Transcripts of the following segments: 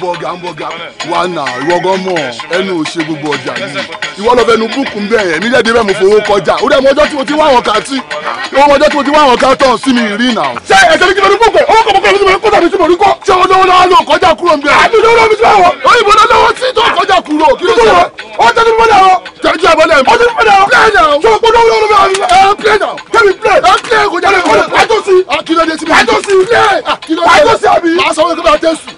hamburger hamburger wà nà ìwọ́gán mọ̀ ẹnu òṣè gbogbo ọjà yìí ìwọ lọ fẹnu búùkù bẹ́ẹ̀ yẹn nílẹ̀ débẹ̀ mo fowó kọjá ó dẹ̀ mọ ọjọ́ tí mo ti wá àwọn kàtí ìwọ mọ ọjọ́ tí mo ti wá àwọn kàtọ̀ sí mi rí nà. ṣé ẹ̀jẹ̀ ní kí ló ní owó kọ̀ọ̀kan kọ̀ọ̀kan ló ti kọ́ tàbí ṣé ọjọ́ wọn lọ kọjá kúrò ń bẹ̀. àbí lọ́wọ́ mi ti bá wọn. òyìnbó lọ́wọ́ sí tó kọjá kúrò kí ló ṣe. ó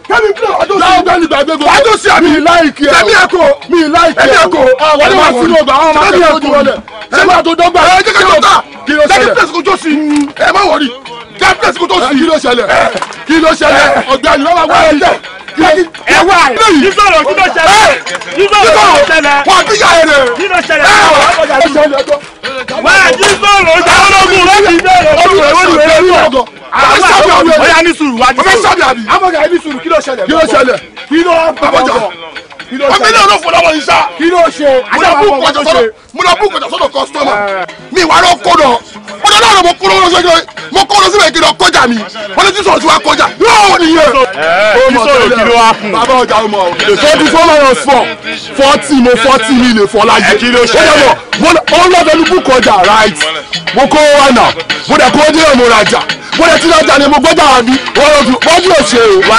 ọgbẹni gbàgbé gbogbo wàá tó sí àmì láìkí ẹ tẹmí ẹkọ mi láìkí ẹ ẹkọ àwọn ọmọ sínú ọgbà àwọn ọmọ akẹ́kọ̀ọ́ tó wọlé ẹ máa tó dọ́gba ẹ jẹ́ kẹ́kọ̀ọ́ ta kí ló ṣẹlẹ̀ tẹ́kí tẹ́sí kò tó sí mm. ẹ má wọrí tẹ́kí kò tó sí kí ló ṣẹlẹ̀ kí ló ṣẹlẹ̀ ọgbẹni wọn máa wá ẹ jẹ ẹ wá ẹ yíṣọ̀rọ̀ kí ló ṣẹlẹ̀ yíṣọ̀rọ̀ ṣẹlẹ̀ wà á bíyà ẹ rẹ kí ló ṣẹlẹ̀ wà á yíṣọ̀rọ̀ ṣẹlẹ̀ ọlọ́gùn lọ́sìn ìṣẹ̀lẹ̀ ọlọ́gùn lọ́sìn ìṣẹ̀lẹ̀ ọlọ́gùn lọ́sìn ìṣẹ̀lẹ̀ ọlọ́gùn lọ́sìn ìṣẹ̀lẹ̀ sùúrù wájú. ọbẹ̀ sábì àbí. amọ̀gà ẹni sùúrù kí ló ṣẹlẹ̀. kí ló ṣẹlẹ̀. kí ló babọjà. kí ló ṣẹlẹ̀. ọbẹ̀ náà ló fọlọ́wọ́ yìí sá. kí ló ṣe. mo lọ bú kọjá sọ́dọ̀ kọ́sítọ́mà. mi wà lọ kó lọ. mo lọ láàrọ̀ mo kó lọ sọ́dọ̀ mo kó lọ síbẹ̀ kí lọ kọjá mi. wọ́n ti sọ̀rọ̀ tí wàá kọjá. yóò nìyẹn. ẹ ẹ sọ̀rọ̀ kí ló wá kù. bàbá ọjà ọmọ o ó lọ́bẹ̀ẹ́nu búkú ọjà right mo kó wa nà mo dẹ̀ kó dé ọmọ rajà mo dẹ̀ ti rajà ni mo gbọ́dọ̀ mi wọ́n yóò ṣe o.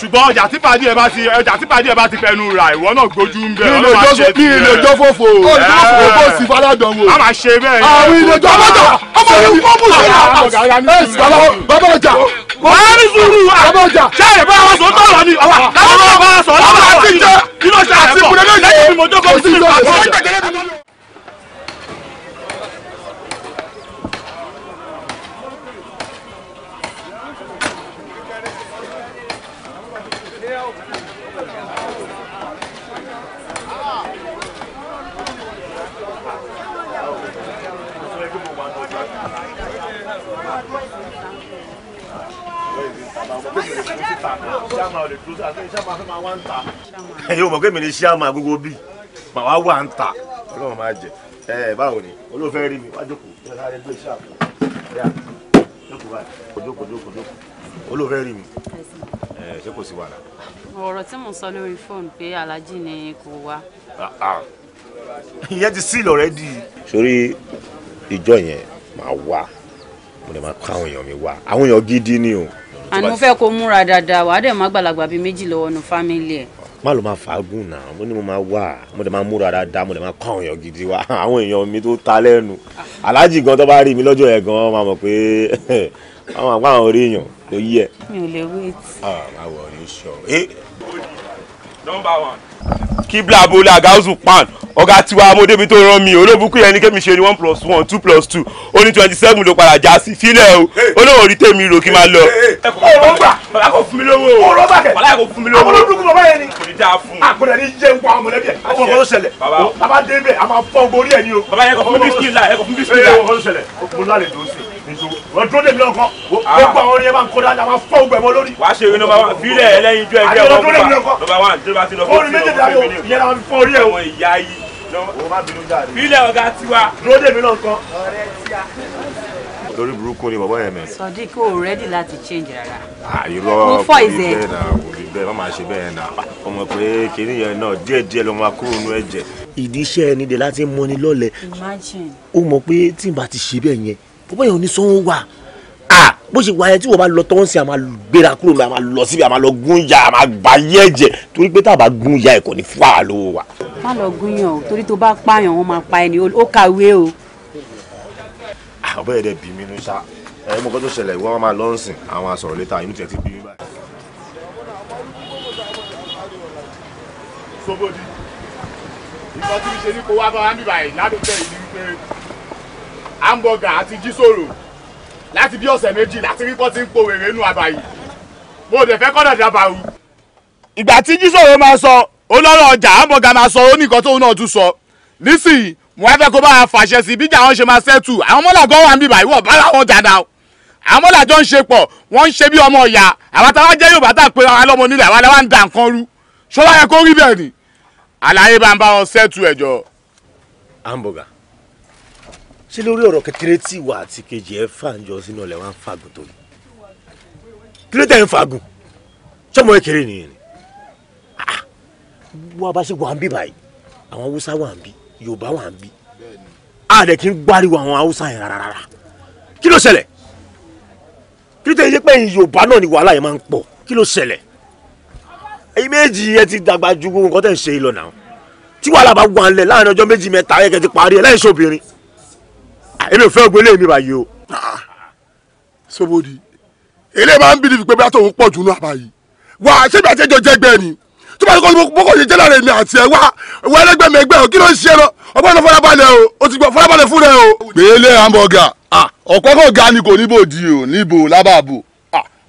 ṣùgbọ́n ọjà tí pàdé ẹ bá ti ọjà tí pàdé ẹ bá ti fẹnu ra ìwọ náà gbójú ń bẹ ọ máa ṣe tiẹ̀. mi ìlè jọ fòfò o ìlè kò sí fàlàdàn wo. a máa ṣe bẹ́ẹ̀. àwọn ìlè jọ bàtà ọmọ mi kò mú sí. bàbá ọjà wàá ní sùúrù wa. bàbá ọjà ṣé ẹ bá wa sọ tọrọ ni ọwà táwọn bá wa sọ lọ́wọ́ àti ìjọ kí ló ṣe àti ìpínlẹ̀ lóyún. lẹ́yìn mi mo jókòó sí ìjọ lè dúró sí àti iṣẹ́ máa fẹ́ máa wá ń ta. ẹ̀yin ò mọ̀ pé mi ní ṣíàmù àgógó bí mà wá wà ń ta ọlọ́run máa jẹ ẹ báwo ni olóòfẹ́ rí mi wá jókòó bí ọ̀sán àdégbé iṣẹ́ àpò jókòó báyìí jókòó jókòó jókòó olóòfẹ́ rí mi ẹ ṣé kò sí wàhálà. ọ̀rọ̀ tí mò sọ lórí fóònù pé aláàjì ni kò wá. Ah, ah. ìyẹn ti sílẹ̀ already. sórí ìjọ yẹn máa wá mo lè máa kó àwọn èèyàn mi wá àwọn èèyàn gidi ni o àná mo fẹ́ kó múra dáadáa wàá dẹ̀ má gbàlagbà bíi méjì lọ́wọ́ nu fámìlì ẹ̀. má ló máa fàágùn náà mo ní mo máa wà mo dẹ̀ máa múra dáadáa mo dẹ̀ máa kọ́ àwọn gidi wa àwọn èèyàn mi tó ta lẹ́nu aláàjì gan tó bá rí mi lọ́jọ́ yẹn gan máa mọ̀ pé àwọn àpá àwọn orí èèyàn ló yí ẹ̀. mi ò lè wait. àwọn àwọn ọ̀rẹ́ sọ. nọ́mbà one kíbla abola gausu pan ọ̀gá tiwa amódébi tó rán mi olóbùkún yẹn ní kémi ṣe ni one plus one two plus two ó ní twenty seven ló padà já sí sílẹ̀ o olóòrí tèmi rò kí n máa lọ. ọ̀rọ̀ gbà bàbá kò fún mi lówó o ọ̀rọ̀ gbà kẹ̀ bàbá kò fún mi lówó o àwọn olóbùkún bàbá yẹn ni kò ní dáa fún un. àgbọ̀dọ̀ ní jẹ́ nǹkan àwọn mọ̀lẹ́bí ẹ̀ àwọn ọ̀rọ̀ ṣẹlẹ̀ bàbá dé bẹ̀ a máa gorí ẹ̀ ni o. bàbá yẹn kò fún mi so ah. o dúró dèmi lọ́kọ́ lórí. burúkú ni bàbá yẹn mẹ. sọdí kò rẹ́dì láti change rárá. àyùrọ̀ ah, kò rí bẹ́ẹ̀ náà kò rí bẹ́ẹ̀ má máa ṣe bẹ́ẹ̀ náà ọmọ ah, pé kìnìyàn náà díẹ̀díẹ̀ ló máa kúrò nínú ẹ̀jẹ̀ ìdí iṣẹ́ ẹni dẹ̀ láti mọni lọ́lẹ̀ ó mọ̀ pé tí n bá ti ṣe bẹ́ẹ̀ yẹn bọ́bọ́ yẹn ò ní sanwó wa ah bó ṣe wà yẹn tí wọ́n bá lọ tọ́wọ́n sí àmà gbéra kúrò mi àmà lọ síbi àmà lọ gún ya àmà gbà yẹ jẹ torí pé tàbá gún ya ẹ̀ kò ní fún wa wa. má lọ gún yàn o torí tó bá pààyàn wọn máa pa ẹni ó kàwé o. àbọ̀ yẹn dẹ̀ bí mi nù sá ẹ mọ kó tó ṣẹlẹ̀ ìwọ́n máa lọ sìn àwọn àsọ̀rọ̀ létà inú tiẹ̀ ti bí mi báyìí hamburger àti jísòrò láti bí ọ̀sẹ̀ méjì láti rí pọ́tí ń po wèrè nù àbàyè mo dẹ̀ fẹ́ kọ́dọ̀ dábàá o. ìgbà tí jísòrò máa sọ olóró ọjà hamburger máa sọ oníkan tóun náà tún sọ nísìnyí mo wá fẹ́ kó bá wa fàṣẹ sí bíjà wọn ṣe máa ṣẹ́tù àwọn mọ́làgọ́ wà ń bíbà ìwọ̀ bá làwọn dáadáa àwọn mọ́làjọ́ ń ṣe pọ̀ wọ́n ń ṣe bí ọmọ ìyá àwọn táwọn jẹ́ Yorùbá tá à pé àwọn alọ́mọ nílẹ̀ àwọn aláwa ń da nǹkan rú ṣọlá yẹ kó rí bẹ́ẹ̀ ni àlàyé bá ń bá wọn ṣẹ́tù ẹ̀jọ̀. hamburger ṣé lórí ọ̀rọ̀ kékeré tí ìwà àti kejì ẹ fàǹjọ sínú ọ̀lẹ́ wa ń fàgùn tó ni kí ló tẹ̀ ń fàgùn ṣọmọ ẹ kéré nìyẹn ni ah, wọ́n bá ṣe wà ń bí báyìí àwọn haúsá wà ń bí yorùbá wà ń bí àdẹ kì í gbáriwo àwọn haúsá yẹn rárá kí ló ṣẹlẹ̀ kí ló tẹ̀ yé pé yorùbá náà ni wàhálà yẹn máa ń pọ̀ kí ló ṣẹlẹ̀ ẹ̀yin méjì yẹn ti dàgbà ju gbogbo nǹkan tẹ̀ ń ṣe yìí lọ náà tí wàhálà bá wà ń lẹ̀ láàrin ọjọ́ méjì mẹ́ta ayẹkẹ́ ti parí ẹ̀ láì ṣe obìnrin èmi ò fẹ́ ògbó eléyìí mi báyìí o. Ah, ah. sobodi eléyìí máa ń bí ní pé bí a tó ń pọ̀ jù nù àbá yìí wà ṣé bí a ti jọ jẹgbẹ́ ni tó bá kọ́ bókò ṣe jẹ́lá rẹ̀ ni àti ẹ̀ wá wọ́n ẹlẹ́gbẹ́ mi ẹgbẹ́ o kí ló ń ṣe lọ ọgbọ́n náà farabalẹ̀ o o ti gbọ́ farabalẹ̀ fún rẹ o. gbélé hamburger ah, ọ̀pọ̀ kò ga ni kò níbò di o níbò lábàbò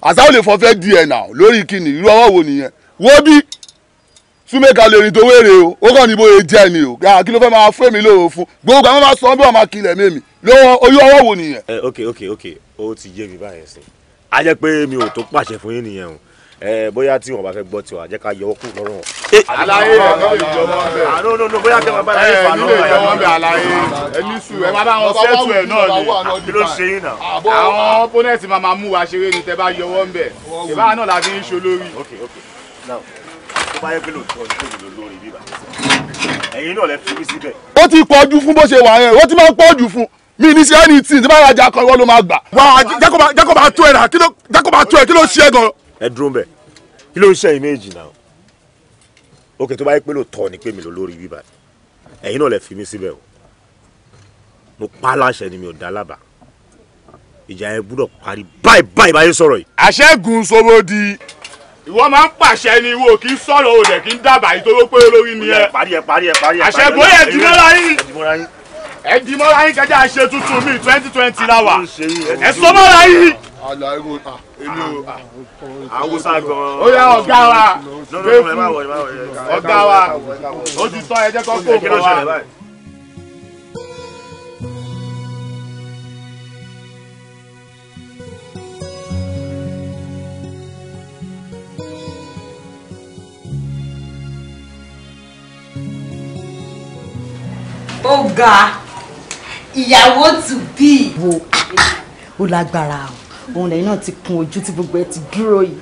àṣà ò lè fọ́ fẹ́ di ẹ̀ nà lórí kíni irú ọwọ́ wo nìyẹn wọ́n bí súnmẹ́ka lè rìn tó wéèrè o ó kàn ní bóyá jẹ́ ni o kí ló fẹ́ máa fún èmi lóòrò fún gbogbo àwọn máa sọ ọ́n bí wọ́n máa kilẹ̀ mẹ́mi lọ́wọ́ oyú ọwọ́ wò nìyẹn. ẹ ok ok ok ó ti yé mi báyẹn sí a jẹ pé mi ò tó pàṣẹ fún yín nìyẹn o ẹ bóyá tí wọn bá fẹ́ gbọ́ tiwa jẹ ká yọwọ́ kù lọ́rùn wọn. àlàyé ẹ náà ìjọ wọn bẹ. àná nínú bóyá kí wọn bá láyé fà lọ́wọ́ ẹ nílò ìjọ wọn bẹ àlàyé ẹni sù ẹ bá bá wọn sẹ́tù ẹ náà ni ah, kí ló ṣe yín náà. Ah, àwọn ah. opponent máa máa mú wa ṣeré ni tẹ bá yọwọ́ ń bẹ̀ ìbára náà la fi ń ṣolórí. ok ok now bá yẹ pé lóòótọ́ ni kò lò lórí bíbá ẹ̀yin náà lẹ fi mí síbẹ̀. ó ti pọ̀ jù fún bó ṣe wà yẹn ó ti máa pọ̀ jù fún mi ní sí ẹni tí tí bá ra jà kan ìwọ ló máa gbà. wà á jákòó bá tó ẹ̀ rà kí ló jákòó bá tó ẹ̀ kí ló ṣe é gan. ẹ dúró bẹ kí ló ń ṣe ẹ̀yin méjì náà òkè tó bá yẹ pé lóòótọ́ ni pé mi lò lórí bíbá ẹ̀yin náà lẹ fi mí síbẹ̀ o mo pa láṣẹ ni mi ò dá lábàá ìjà yẹn gbúdọ̀ parí báyìí báyìí báyìí sọ̀rọ̀ yìí. àṣẹ́gun sọ́wọ́dì ìwọ máa ń pàṣẹ ni ìwọ kì í sọ̀rọ̀ òdẹ kì í dábàá ìtòwó pé olórí ni ẹ àṣẹ bóyá ẹ dìmọ́ra yín ẹ dìmọ́ra yín kẹjá ṣe tuntun mi twenty twenty la wà ẹ sọmọ́ra yín. awusa gan. ó yẹ ọ̀gá wa ọ̀gá wa ó ti tọ́ ẹ jẹ́ kó kó bọ̀ wá. ó ga ìyàwó tù bí. wo ó lágbára o òun lẹ́yìn náà ti kun ojú tí gbogbo ẹ ti dúró yìí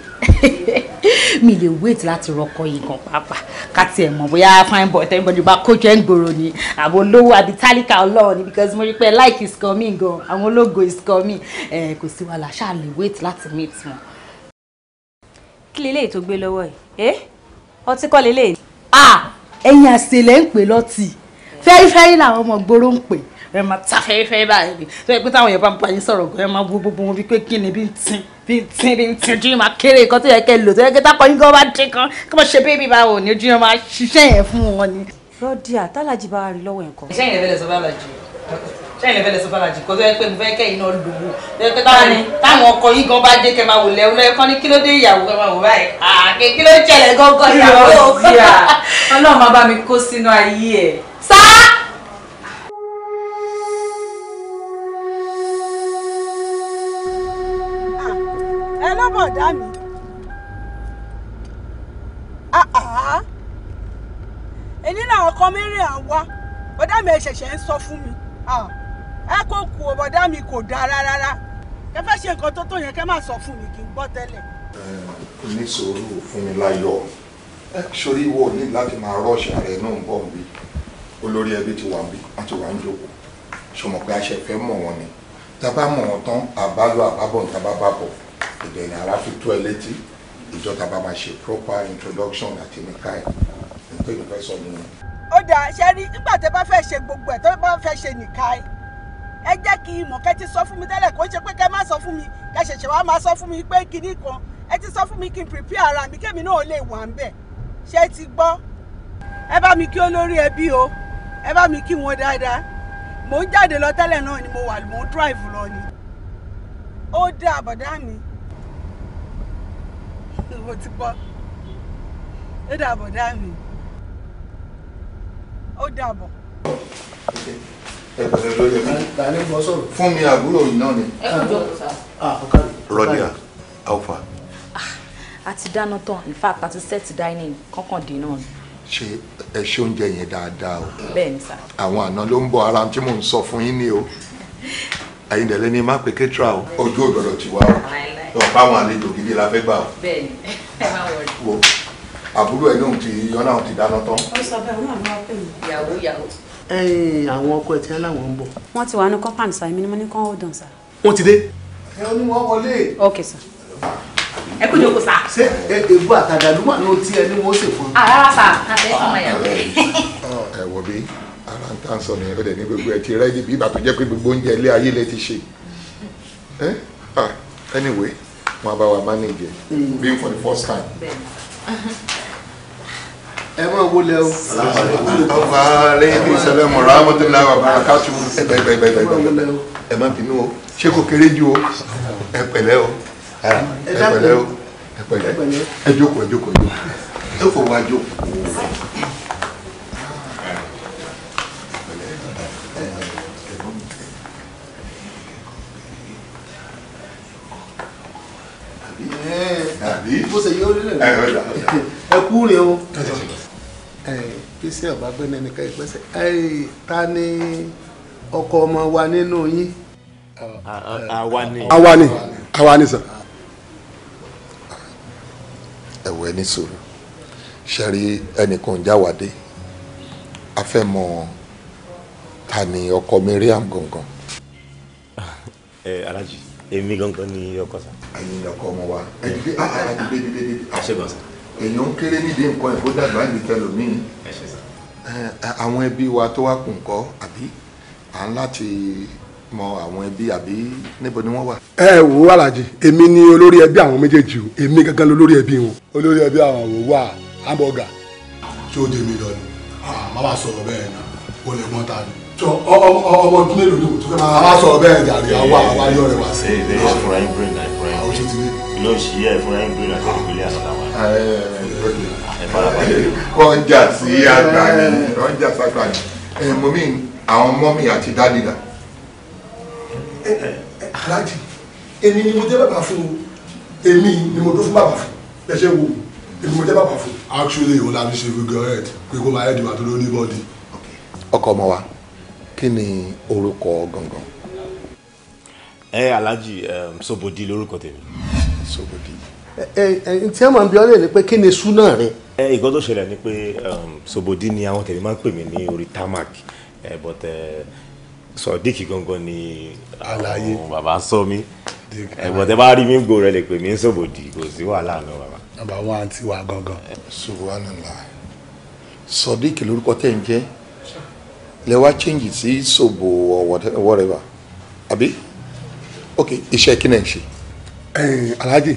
mi lè wait láti rọkọ yìí gan pàápàá ká tiẹ̀ mọ̀ bóyá fine boy tẹ́nibọ́dì bá kójú ẹ̀ ń gbòòrò ni àwọn olówó àbí tálíkà ọlọ́run ni because mo rí pé like is coming gan àwọn ológo is coming ẹ̀ kò sí wàhálà ṣáà lè wait láti meet wọn. kí leléyìí tó gbé lọ́wọ́ yìí eh? ọtí kọ́ leléyìí. ah ẹ̀yin àṣẹlẹ̀ ń pè lọ́tì fẹ́rífẹ́rí làwọn ọmọ gbòòrò ń pè ẹ máa ta fẹ́rífẹ́rí báyìí ni tó yẹ pé táwọn èèyàn bá ń pa yín sọ̀rọ̀ gan ẹ máa wo gbogbo wọn bíi pé kí ni bí ń tin bí ń tin bí ń tin ojú yín máa kéré nǹkan tó yẹ kẹ́ lò tó yẹ kẹ́ tákọ yín gan bá dín kan kí wọ́n ṣe bébí báwo ni ojú yín máa ṣiṣẹ́ yẹn fún wọn ni. rọ́dí àtàlájì bá wa rí lọ́wọ́ ẹ̀ kan. ṣẹ́yìn ẹ̀fẹ́ lẹ sọ bá lọ jù sẹ́yìn ẹ̀fẹ́ lẹ sọ bá lọ jù kó tó yẹ pé mo fẹ́ kẹ́yìn náà lò wò tó yẹ pé táwọn ọkọ yín gan bá dé kẹ́ máa wò lẹ́wọ́ lẹ́yìn kan ní kí ló dé ìyàwó kẹ́ máa wò báyìí àkè kí ló jẹ̀lẹ̀ gangan ìyàwó. ọlọ́run máa bá mi kó sínú ayé ẹ̀ bọ̀dá ah, mi. Ah, ah, èyí làwọn kan mẹ́rin àwa bọ̀dá mi ẹ ṣẹ̀ṣẹ̀ ń sọ fún mi ẹ kò kú o bọ̀dá mi kò dáa rárá ẹ fẹ́ ṣe nǹkan tó tó yẹn kẹ́ máa sọ fún mi kí n gbọ́ tẹ́lẹ̀. ní sùúrù fún mi láyọ̀ sórí ìwọ ní láti máa rọ́ọ̀ṣì ààrẹ náà ń bọ̀ níbí olórí ẹbí ti wà bí àti wà ń jókòó ṣùgbọ́n pé aṣẹ fẹ́ mọ̀ wọn ni tá a wọn tán àbálò àbábọ̀ níta bá bá bọ̀ ara fi tó ẹ létí ìjọ bá máa ṣe proper introduction àti nìka ẹ̀ nítorí mi fẹ́ sọ nìyẹn. ó dà ṣe rí nígbà tẹ bá fẹ́ ṣe gbogbo ẹ̀ tó bá fẹ́ ṣe nìka ẹ̀ ẹ jẹ́ kí n mọ̀ kẹ́ ti sọ fún mi tẹ́lẹ̀ kó ṣe pé kẹ́ má sọ fún mi kẹ́ ṣẹ̀ṣẹ̀ wá máa sọ fún mi pé kinní kan ẹ ti sọ fún mi kí n prepare ara mi kémi náà lè wà ń bẹ̀ ṣé ti gbọ́ ẹ bá mi kí olórí ẹbí o ẹ bá mi kí wọn dáadáa mò ń jáde lọ tẹ́lẹ̀ náà ni mo wà mò ń drive lọ ni ó dá àbọ̀dá mi mo ti gbọ́ ó dá àbọ̀dá mi ó dá àbọ̀. fún mi àbúrò yìí náà ni. Ah, rọdíà alfa. Ah, a ti dáná tán in fact a ti set dining kankan ṣe ẹ ṣe oúnjẹ yẹn dáadáa o. bẹ́ẹ̀ni sá. àwọn àna ló ń bọ ara tí mò ń sọ fún yín ni o ẹ̀yin dẹlẹ ni má pé kétra o ojú òdòdó ti wá o lọ báwọn àlejò gidi la fẹ́ gbà o. bẹ́ẹ̀ni ẹ má wọlé. àbúrò ẹ lóhun ti yọnà ti dáná tán. ó sọ bẹ́ẹ̀ wọn náà pè mí yàwó yàwó. àwọn ọkọ ẹ ti ń láwọn ń bọ. wọn ti wà ní compound sa èmi ni mo ní kán ó dàn sa. wọn ti dé. ẹ onímọ̀ wọlé. ok sir ẹ kó jókòó sá. ṣé èbú àtàdàlú wà ní otí ẹni wọn ó sì fún. àrárá ah, sá àṣẹ fún ọmọ ah, yàrá. Oh, ẹ wọ bí ara ń tà ń sọ nìyẹn ó dẹ̀ ní gbogbo ẹ ti rẹ́ẹ̀dì bí ìgbà tó jẹ́ pé gbogbo oúnjẹ ilé ayé lẹ ti ṣe ah, anyway wọn bá wa manage it being for the first time. ẹ máa wọlé o. ọba aleyhi sẹlẹm rahmatulahi wa barakatu ẹ bẹ bẹ bẹ bẹ ẹ má bínú o ṣé kò kéré jù o ẹ pẹ̀lẹ́ o ẹ pẹ̀lẹ́ o ẹ pẹ̀lẹ́ ẹ jókòó ẹ jókòó ẹ fọwọ́ a jókòó. bó ṣe yọ ọ lélẹ̀ ẹ kú rìn o píṣẹ́ ọ̀bá gbẹ́ni ẹnìkan ìpẹ́sẹ̀ ta ni ọkọ ọmọ wa nínú yín. àwa ni àwa ni sàn ẹ̀wọ̀ ẹni sọ̀rọ̀ ṣẹ́rí ẹnìkan ń jáwádé a fẹ́ mọ ta ni ọkọ Mariam gangan. ẹ alájì èmi gangan ni ọkọ sa. ẹ̀yin ọkọ ọmọ wa ẹ̀yin bí ẹ̀yin bí bí bí. àṣegbọn sa. èèyàn ń kéré nídìí nǹkan ẹ̀kọ́ dàgbà ní tẹlomiin. àwọn ẹbí wa tó wá kù ńkọ́ àbí à ń láti mọ àwọn ẹbí àbí níbo ni wọ́n wà. ẹ wo alájì èmi ni olórí ẹbí àwọn méjèèjì o èmi gangan lolórí ẹbí wọn. olórí ẹbí àwọn wò wá hamburger. tí ó dé mi lọ ni ah, má bàa sọ̀rọ̀ bẹ́ẹ̀ ni o lè mọ́ta ni. jọ ọmọ ọdún mélòó ló tó fẹ́ máa bá sọ̀rọ̀ bẹ́ẹ̀ jàre àwa àwa eh, yọ rẹ̀ wá sí. ilé ìfúnra yín brain náà ìfúnra yín. àwọn ah, oṣù ti ní. ilé òṣì yẹ ìfúnra yín brain àti ìpínlẹ̀ àtàtà wa. ẹ farabalẹ̀. rọ́njà sí àgbà ni rọ́njà sí àgbà ni eh, mọ́mí àwọn mọ́mí àti dádì náà aláàjì èmi ni mo jẹ́ bàbá fún o èmi ni mo dó fún bàbá fún lẹ́sẹ̀ wo èmi mo jẹ́ bàbá fún. actually o la fi ṣe figure head pé kó máa head wà tó lórí bọ́ọ̀dì. ọkọ ọmọ wa kí ni orúkọ gangan. ẹ aláàjì um, Sobodi lórúkọ tèmi. Sobodi tí a máa ń bi ọ́lẹ̀ ni pé kí ni súnà rẹ. ẹ ìgbọ́n tó ṣẹlẹ̀ ni pé um, Sobodi ni àwọn tèmi máa ń pè mí ní orí tarmac but. Uh, sọdíkì gangan ni àlàyé bàbá ń sọ mí ẹ̀gbọ́n tẹ bá rí mi gbò rẹ lè pè mí ń sòbòdì kò sí wàhálà mi bàbá. bàbá wọn àǹtí wa gangan. subhanallah sọdíkì lórúkọ tẹ̀ ń jẹ́ lẹ wá change sí sòbò whatever àbí ok iṣẹ́ kí náà ń ṣe. alhaji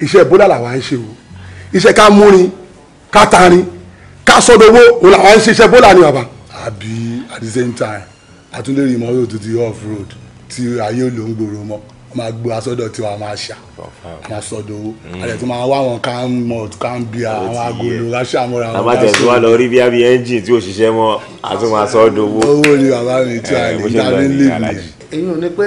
iṣẹ́ bọ́lá làwa ń ṣe o iṣẹ́ ká múrin ká tarin ká sọdowó òun làwa ń ṣe iṣẹ́ bọ́lá ni bàbá àbí at the same time àtúndérí ìmọ̀ road ti off road tí ayé ló ń gbòòrò mọ́ a máa gbé asọ́dọ̀ tí wàá máa ṣà a máa sọ́dọ̀ owó hmm. alẹ́ tó máa wá wọn ká ń mọ̀ ká ń bí àwọn agolo láṣà wọn. àbájá tí wàá lọ rí bí abí ẹ́ńjìn tí ò ṣiṣẹ́ mọ́ a tún máa sọ́dọ̀ owó. owó ni bàbá mi tí a eh, lè dá ní lè mi. èyí ò ní pé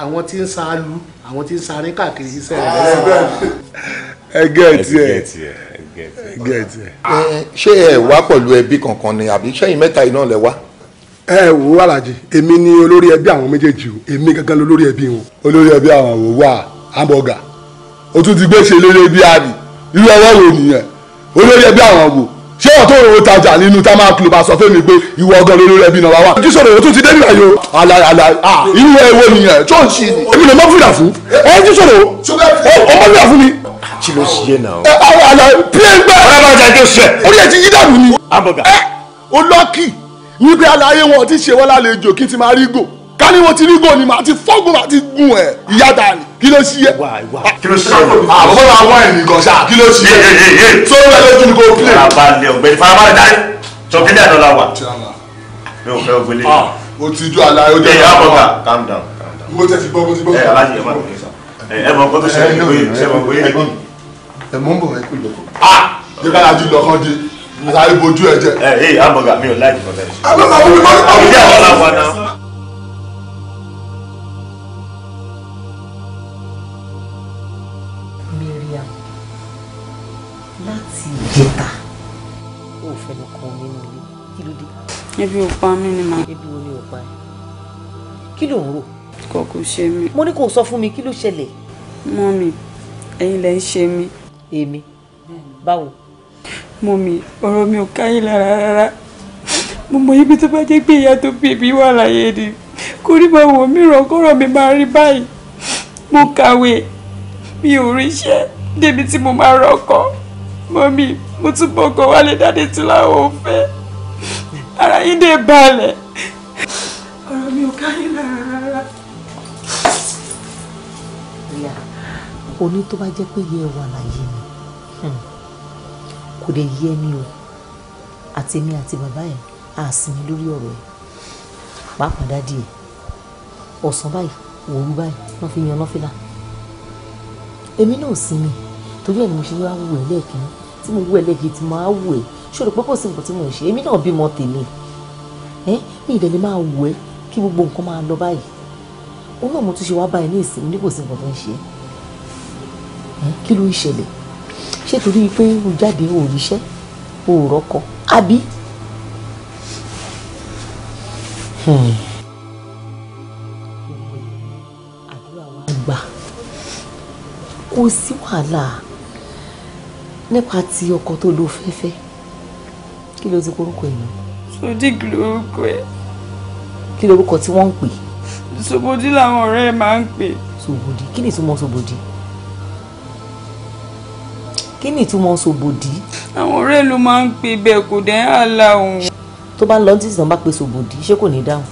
àwọn tí ń san alu àwọn tí ń san ní káàkiri iṣẹ́ rẹ̀. Ah, ẹ gẹ̀ẹ́tì ẹ gẹ̀ẹ́tì ẹ. Eh, ṣé ẹ wá pẹ̀lú ẹbí kankan ni àbí ṣẹ́yìn mẹ́ta iná lẹ wá ẹ wò ó alájì èmi ni olórí ẹbí àwọn méjèèjì o èmi gangan lolórí ẹbí wọn. olórí ẹbí àwọn wò wá hamburger o tún ti gbé ṣe lórí ẹbí àbí irú ọwọ́ wo nìyẹn olórí ẹbí àwọn wò ṣé ọ̀tọ̀ òwò tajà nínú tá máa kìlọ̀ bá sọ fún mi pé ìwọ ọgàn lórí ẹbí náà wà. ojú sọ̀rọ̀ òtún ti dé nígbà yìí o. ala ala ah irú ẹwọ nìyẹn tó ń ṣe ni. èmi lè mọ fìlà fún ẹ ojú sọ̀rọ̀ o mọ fìlà fún mi. kí ló ṣe yé náà. ẹ ala pílẹ̀ gbẹ́. ọ̀rẹ́ bá jà jẹ́ sẹ́. orí ẹ ti yí dànù ni. hamburger. ẹ olókì wípé aláyé wọn ti ṣe wọ́n lálejò kí n ti máa rí gò ká ní mo ti rí gò ni màá ti fọ́gùn màá ti gùn ẹ̀ ìyá dàní kí ló ṣí yẹ. Ah, kí ló ṣí yẹ àbúrò àwọn ènìyàn kan ṣáà kí ló ṣí yẹ tó ń bẹ lójú ni kò pè. farabalẹ̀ ọ̀gbẹ́ni farabalẹ̀ dárí sọ̀kẹ́lẹ́ àdọ́là wà. mi ò fẹ́ ògbélé. Ah, o ti dún aláyé o jẹ́ ìyá calm down mo tẹ ti gbọ́ mo ti gbọ́. ẹ aláṣẹ ẹ má bọ̀ ẹ mọ nǹkan tó ṣẹlẹ̀ ní ìwé ìṣẹ́ mọ̀ pé. ẹ mọ̀ ń bọ̀ ẹ kú lọ́kọ̀. a jẹ́ ká àtàrí bojú ẹ jẹ. ẹ ẹ hamburger mi ò láì jùlọ bẹ́ẹ̀. àbẹ màá wọlé bọ́ọ̀lù bọ́ọ̀lù. ìdí àwọn làwọn náà. Miriam láti ìjẹta ó fẹnu kan nínú ilé kí ló dé. ebi ò pa mí ni màá. ebi wo ni ò pa ẹ kí ló ń rò. kò kò ṣe mí. mo ní kó sọ fún mi kí ló ṣẹlẹ̀. mọ́mì ẹ̀yin lẹ ń ṣe mí. èmi báwo mọ̀mí ọ̀rọ̀ mi ò káyìn lára rárá mo mọ ibi tó bá jẹ́ pé ìyá tó bí èmi wà láyé ni kò ní máa wò mí ràn kọ́rọ̀ mi máa rí báyìí mo kàwé mi ò ríṣẹ́ débi tí mo máa rọ́kọ̀ mọ̀mí mo tún bọ̀kọ̀ wálé dáadé tí láwọn ò fẹ́ ara yín dé balẹ̀ ọ̀rọ̀ mi ò káyìn lára rárá. ìyá oní tó bá jẹ́ pé iye wà láyé ni kò lè yé mi o àti èmi àti bàbá ẹ̀ á sinmi lórí ọ̀rọ̀ ẹ̀ pàápàá dádì ẹ̀ ọ̀sán báyìí òru báyìí wọ́n fi yan lọ́fílà èmi náà sinmi torí ẹ̀ ni mo ṣe wá wù ẹ́ lẹ́ẹ̀kínní tí mo wù ẹ́ lẹ́ẹ̀kínní tí mo á wù ẹ́ ṣòro pé kò sí nǹkan tí mo ṣe èmi náà bímọ tèmi ẹ mi ìdẹ̀ lè máa wù ẹ́ kí gbogbo nǹkan máa lọ báyìí òun náà mo tún ṣe wá báyìí ní ìsinmi ní sí nǹkan tó ń ṣe ẹ kí ló ń ṣẹlẹ̀ ṣé torí pé o jáde o ríṣẹ́ o rọ́kọ àbí. Hmm. àgbà kò sí wàhálà nípa ti ọkọ tó lo fẹ́fẹ́ kí ló ti korúkọ ẹ̀ náà. sodiq lorúkọ ẹ. kí lorúkọ tí wọ́n ń pè. sobodi làwọn ọ̀rẹ́ ẹ̀ máa ń pè. sobodi kí ni ìtumọ̀ sobodi kí ni ìtumọ̀ sòbòdì. àwọn ọ̀rẹ́ ló máa ń pe bẹ́ẹ̀ kò dẹ́ àlà òun. tó bá lọ títí náà bá pe sòbòdì ṣé kò ní dáhùn.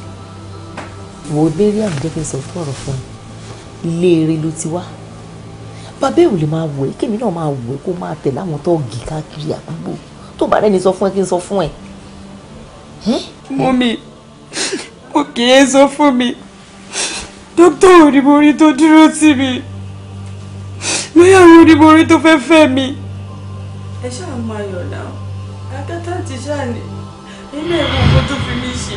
wo bẹ́ẹ̀rẹ̀ àmì jẹ́ kí n sọ fún ọ̀rọ̀ fún mi ilé eré ló ti wá. bàbá èwù lè máa wẹ̀ kémi náà máa wẹ̀ kó máa tẹ̀lé àwọn tọ́ọ̀gì káàkiri àdúgbò tó bá rẹ́ni sọ fún ẹ kí n sọ fún ẹ. mọ́mí hm? mo kì í sọ fún mi dókítà òdìbò orí tó dúró tì mí lóyè àwọn òdìbò orí tó fẹ́ fẹ́ mi ẹ ṣáà máa yọ̀ náà akátá ti ṣáà ní ilé ìwọ̀n kó tó fi mí ṣe.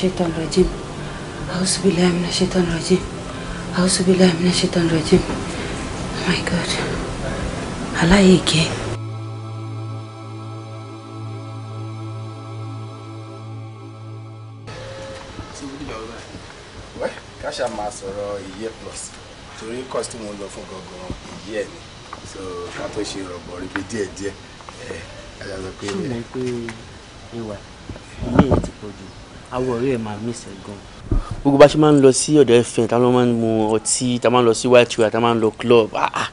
الشيطان الرجيم أعوذ بالله من الشيطان الرجيم أعوذ بالله من الشيطان الرجيم Oh my God aláyé gẹ́. káṣá máa sọ̀rọ̀ plus torí kọ́sì tí mo ń lọ fún gangan ìyẹ́ ni so ká tó ṣe rọ̀bọ̀ ríbi díẹ̀díẹ̀ ẹ̀ ẹ̀ ẹ̀ ẹ̀ pé. ṣùgbọ́n pé ìwà ilé yìí ti pọ̀ jù awọ ọ̀rẹ́ ẹ̀ máa mísẹ̀ gan. gbogbo bá ṣe máa ń lọ sí ọ̀dọ̀ ẹ̀fẹ̀ tá ló máa ń mu ọtí tá máa ń lọ sí white river tá máa ń lọ club ah, ah.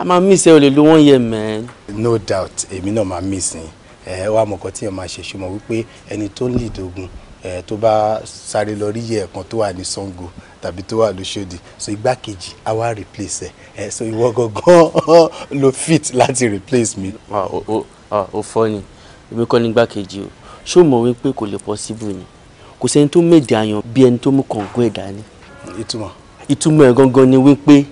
a máa mísẹ̀ ò lè lo wọ́n yẹ mẹ́. no doubt èmi náà máa mísìn ẹ wá mọ̀kàn tí ẹ máa ṣe ṣùgbọ́n wípé ẹni tó ń lè dogun ẹ tó bá sáré lọ rí yẹ ẹ̀kan tó wà ní Ṣàngó tàbí tó wà lóṣòdì so igbákejì á wá replace ẹ ẹ so ìwọ gangan ló fit láti replace mi. o ah, fọ́ ni èmi kọ́ ní igbákejì o ṣó mọ̀ wípé kò lè possible ni kò sẹ́ni tó mèdè àyàn bí ẹni tó mú kàngó ẹ̀dá ni. ìtumọ̀. ìtumọ̀ ẹ̀ gangan ni wípé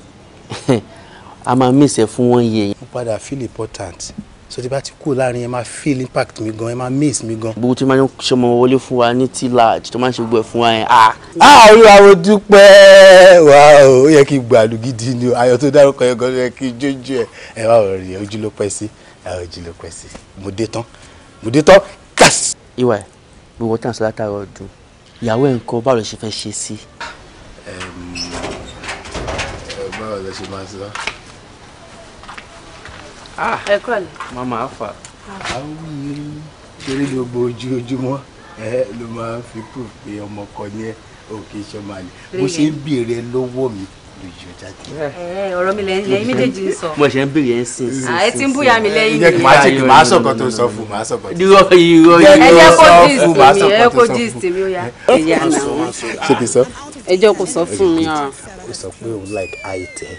a máa mísẹ̀ fún wọn yẹ. mo padà feel important so tí bá ti kú láàrin ẹ máa feel impact mi gan ẹ máa miss mi gan. gbogbo tí máa ń ṣọmọ wọlé fún wa ní tí large tó máa ń ṣe gbogbo ẹ fún wa yẹn. àárín ah. àwọn ah, dúpẹ́ wà ó yẹ kí n gbàlù gidi ni ayọ̀ tó dárúkọ yẹn gan yẹ kí n jójú ẹ ẹ wá ọ̀rọ̀ rẹ̀ ojú ló pẹ́ sí ojú ló pẹ́ sí mo dé tán mo dé tán kàsí ìwà ẹ̀ gbogbo tí à ń sọ látàrọ ọdún ìyàwó ẹ̀ ń kọ́ báwo lè ṣe fẹ́ ṣe sí. báwo lè ṣe máa ń sọ. Ah, ẹ kọ́ ẹ̀. màmá àfà. àwọn ah. yìí ṣeré gbogbo ojoojúmọ́ ẹ ló máa ń fi kù pé ọmọ kan ní òkè ìṣọ́màlì bó ṣe ń béèrè lọ́wọ́ mi ló yọ jáde. ọ̀rọ̀ mi lẹ́yìn méjèèjì ń sọ. mo ṣe ń bèrè ẹ̀ ń sìn sí. àyè tí ń búyà mi lẹ́yìn nìyẹn. màá ṣe màá sọ̀kan tó sọ fún màá sọ̀kan tó. irọ́ irọ́ irọ́ sọ fún màá sọ̀kan tó sọ fún. ẹ jẹ́ kó gist mi ó yá. ẹ̀yà náà ṣe kì í sọ. ẹ jẹ́ kó sọ fún mi ọ̀ràn. Ah. ó sọ pé òun like àìtẹ́.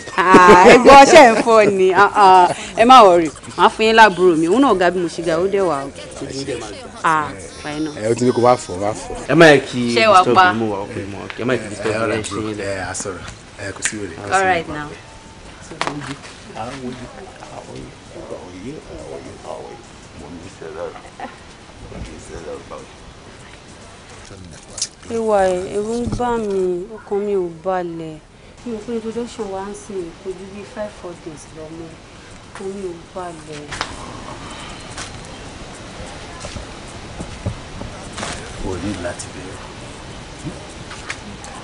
ẹgbẹ́ ọṣẹ ń fọ ni ah, ah. ẹ má wọrí màá fún yín láàbúrò mi òun náà ga bí mo ṣe ga ó dẹ̀ wà òkè ẹ o ti ní kó bá fọ bá fọ. ẹ má yẹ kí disturb mu wa ọkùnrin mu ọkùnrin ẹ má yẹ kí disturb mu ẹ ṣe é lẹ all right now. ìwà ẹ̀rù ń bà mí ọkàn mi ò balẹ̀ mi ò pé introduction wa ń sìn kò ju bíi five four days lọ mọ́ ọkàn mi ò balẹ̀. o ní láti bẹ̀rẹ̀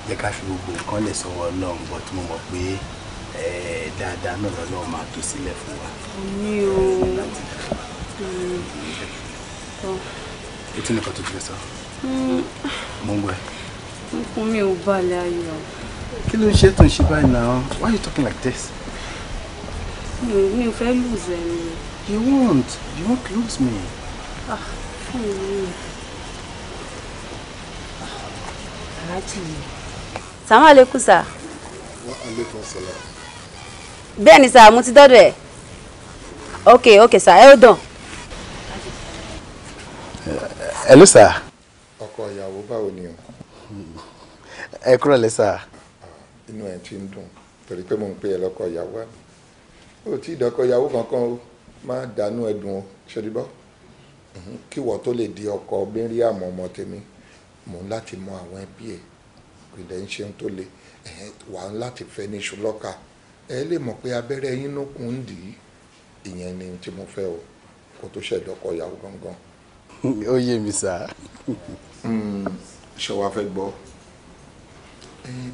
jẹ́ ká fi gbogbo nǹkan lẹ̀ sọ́wọ́ ọlọ́run bọ́ tí mo mọ̀ pé dáadáa náà lọ́lọ́run máa tó sílẹ̀ fún wa. mi ò ètò nìkan tó ti fẹ́ sọ. Hmm. mo ń gbọ́ ẹ. nǹkan mi ò balẹ̀ ayọ̀. kí ló ń ṣe tó ń ṣe báyìí náà why you talking like this. mi ò fẹ́ lose ẹni. you won't you won't lose me. ah fún mi. Ah, aláàjì yìí salamu aleykum sir. wa aleykum salaam. bẹ́ẹ̀ ni sir mo ti dọ́dọ̀ ẹ̀ ok ok sir ẹ ó dàn. hello sir. ọkọ ìyàwó báwo ni o. ẹ kúrò lẹ́ sir. Ah, inú ẹ̀ ti ń dùn torí pé mo ń pè é lọ́kọ ìyàwó àná ó tí ìdọ́kọ ìyàwó kankan o má dànù ẹ̀dùn o ṣèdíbọ́ kí wọ́n tó lè di ọkọ bíríàmù ọmọ tèmi mò ń láti mọ àwọn ẹbí ẹ̀ kò dẹ̀ ń ṣeun tó le wà láti fẹ́ ní iṣu lọ́ka ẹ lè mọ̀ pé abẹ́rẹ́ yín ló kún ń dì í ìyẹn ni tí mo fẹ́ o kó tó ṣẹ̀dọ̀kọ ìyàwó gangan. ó yé mi sá. Hmm, ṣé wàá fẹ́ gbọ́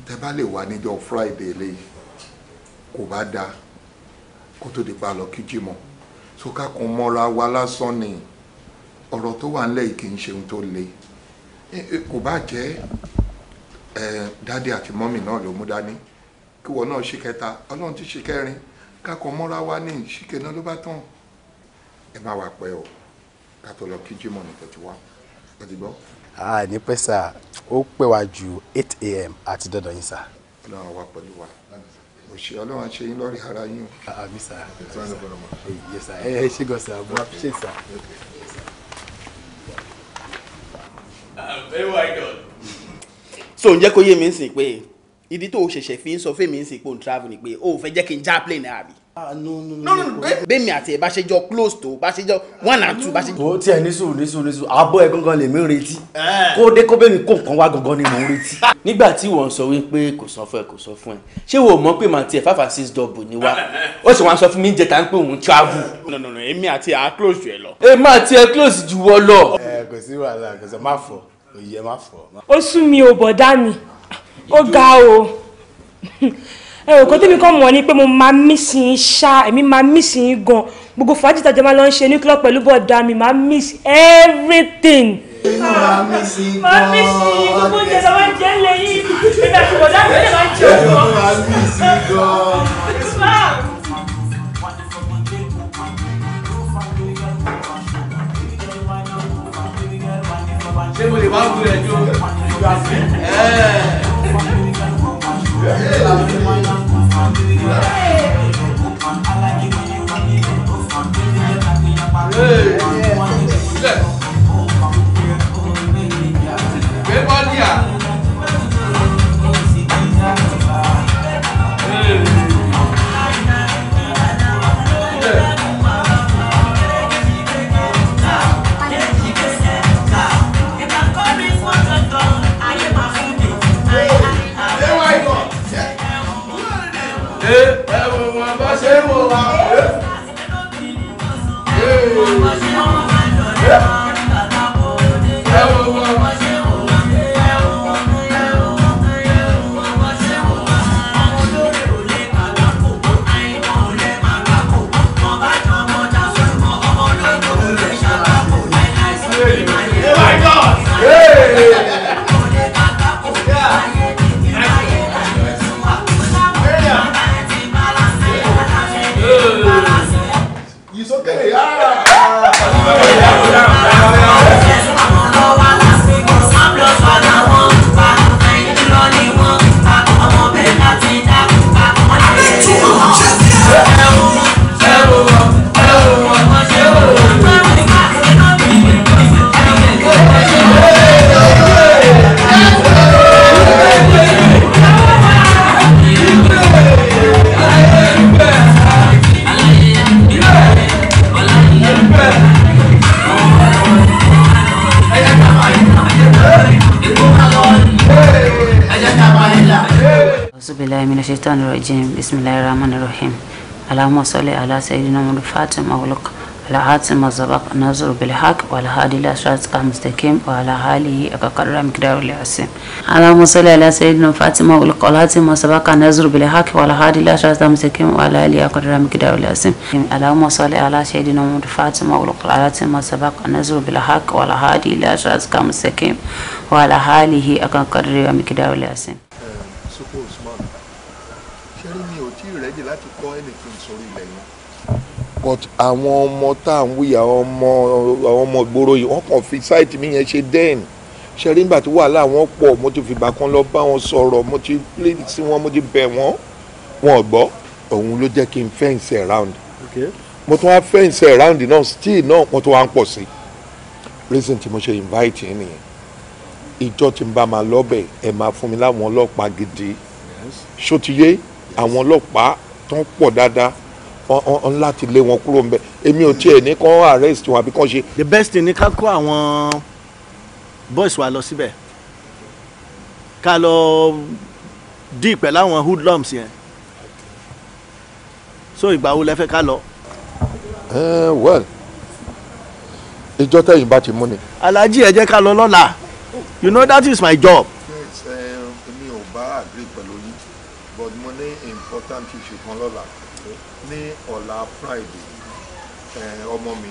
tẹ bá lè wà níjọ́ Friday léyìí kò bá dáa kó tó di pa lọ kí Jímọ̀ so ká kàn mọ́ra wa lásán ni ọ̀rọ̀ tó wà ńlẹ̀ yìí kì í ṣe tó le kò bá jẹ́ dáàdi àti mọ́mì náà ló mú dání kí wọn náà ṣe kẹta ọlọ́run ti ṣe kẹrin kákọ mọ́ra wá ní ìṣìkè náà ló bá tán ẹ má wà pẹ́ o ká tó lọ kí jimoh ní tẹ̀tí wá ẹ ti gbọ́. ní pẹ́ sà ó pẹ́ wá ju eight a.m. àti dandan yín sà. ọlọ́run wà pẹ̀lú wa òṣè ọlọ́run ṣe yín lórí ara yín o. àmì sà ẹ ẹ ṣe gọ̀ọ́sà mo appreciate sà. Ah, very well done so ǹjẹ́ kó yé mi sìn pé ìdí tó o ṣẹ̀ṣẹ̀ fi ń sọ fún mi ń sìn o ń travel ni pé o ò fẹ́ jẹ́ kí n já plane àbí. ah no no no no no bẹ́ẹ̀mi àti ẹ̀ bá ṣe jọ close tó bá ṣe jọ one and two bá ṣe. o tiẹ̀ ní sùúrù ní sùúrù ní sùúrù àbọ̀ ẹ̀ gangan lèmi ń retí eh. kó dé kó bẹ́ẹ̀mi kó nǹkan wá gangan ni mò ń retí. nígbà tí wọ́n sọ wípé kò sọ fún ẹ kò sọ fún ẹ ṣé wo mọ̀ pé màá tiẹ̀ fáfà six double ni wá ó sì wá sọ fún mi jẹ́ tán pé òun travel. no no no èmi àti ẹ̀ á close jù ẹ lọ. ẹ má tiẹ̀ close jù wọ́ lọ. ẹ eh, kò sí wàhálà kò sọ má fọ oyè má fọ. ó sún mi ò bọ̀dá mi ó ga o ẹ ò kó tẹ́mi kọ́ mọ̀ ni pé mo máa mí sí i ṣá èmi máa mí sí i gan gbogbo fàájì tàjẹ́ máa lọ ń ṣe ní club pẹ̀lú bọ̀dá mi máa mí sí everything. máa sí gbogbo oúnjẹ tó máa ń jẹ́ lẹ́yìn ìgbà tí bọ̀dá mi lè máa jẹun gan. máa mí sí i Yeah. اللهم صل على سيدنا محمد فاتم أغلق على هات ما نظر بالحق وعلى هادي الأشخاص المستقيم وعلى هاله أكرر مقدار العسيم اللهم صل على سيدنا فاطمة أغلق على هات ما نظر بالحق وعلى هادي الأشخاص المستقيم وعلى هاله أكرر مقدار العسيم اللهم صل على سيدنا محمد فاطمة أغلق على هات ما نظر بالحق وعلى هادي الأشخاص المستقيم وعلى هاله أكرر مقدار العسيم anything sórí ilẹ̀ yẹn but àwọn ọmọ tá à ń wí àwọn ọmọ àwọn ọmọ ìgboro yìí wọ́n kàn fi sáìtì mi yẹn ṣe den ṣe rí nígbà tí wàhálà wọn pọ̀ mo ti fìgbà kan lọ bá wọn sọ̀rọ̀ mo ti plead sí wọn mo ti bẹ̀ wọ́n wọn ò gbọ́ òun ló jẹ́ kí n fẹ́ǹsì around mo tún wá fẹ́ǹsì around náà still náà wọ́n tún wá ń pọ̀ sí reason tí mo ṣe invite yín nìyẹn ìjọ tí n bá máa lọ́bẹ̀ ẹ̀ máa fún mi láwọn ọlọ́pàá gidi ṣó ti yé àwọn ọlọ́pàá tán pọ̀ dáadáa ọ̀n láti lé wọn kúrò ńbẹ̀ èmi ò tiẹ̀ ní kán arrest wọn àbí kán ṣe. the best thing ni ká kó àwọn boys wa lọ síbẹ̀ ká lọ dí pẹ̀lú àwọn hoodlums yẹn so ìgbà wo lẹ fẹ́ ká lọ. Eh, well ìjọ tẹ̀yìn bá ti mú ni. alhaji ẹ jẹ́ ká lọ lọ́la you know that is my job. yes eh, èmi important issue kan lọ́la ní ọ̀la Friday ọmọ mi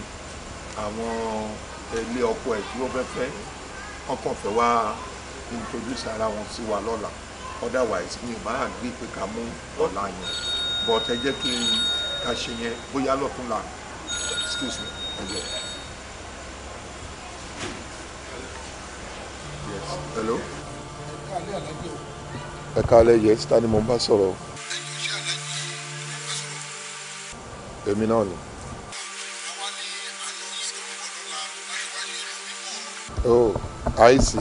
àwọn ilé ọkọ ẹ̀ tí ó fẹ́ fẹ́ wọ́n kàn fẹ́ wá introduce ara wọn sí wa lọ́la otherwise mi ò bá àgbé pé ká mú ọ̀la yẹn but ẹ jẹ́ kí n ká ṣe yẹn bóyá lọ́túnla excuse me ẹ Yes. Hello. Ẹ kálẹ́ yes, ta ni mo bá sọ̀rọ̀ èmi náà ni. oh i see.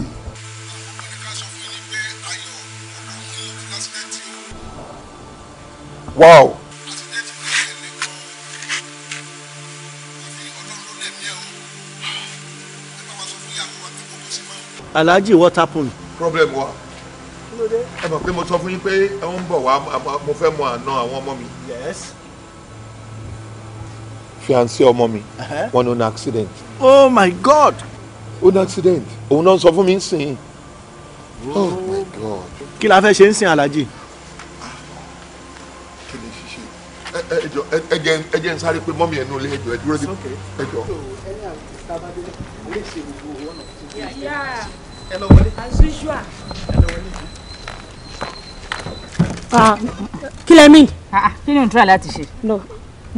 wow. alhaji what happened. problem wa ẹ mọ̀ pé mo sọ fún yín pé ẹ ń bọ̀ wá mo fẹ́ mọ àna àwọn ọmọ mi. yes fiancé ọmọ mi wọn ní ó accident. oh my god. ó accident òun náà sọ fún mi ń oh my god. kí la fẹ́ ṣe ń sìn alájì. kí ni ṣíṣe ẹjọ ẹjẹ ẹjẹ ń sáré pé mọ́mí ẹ̀ nù lé ẹjọ ẹdúró dé ẹjọ. Ah, kí lẹ mí. Ah, ah, kí ni n tura láti ṣe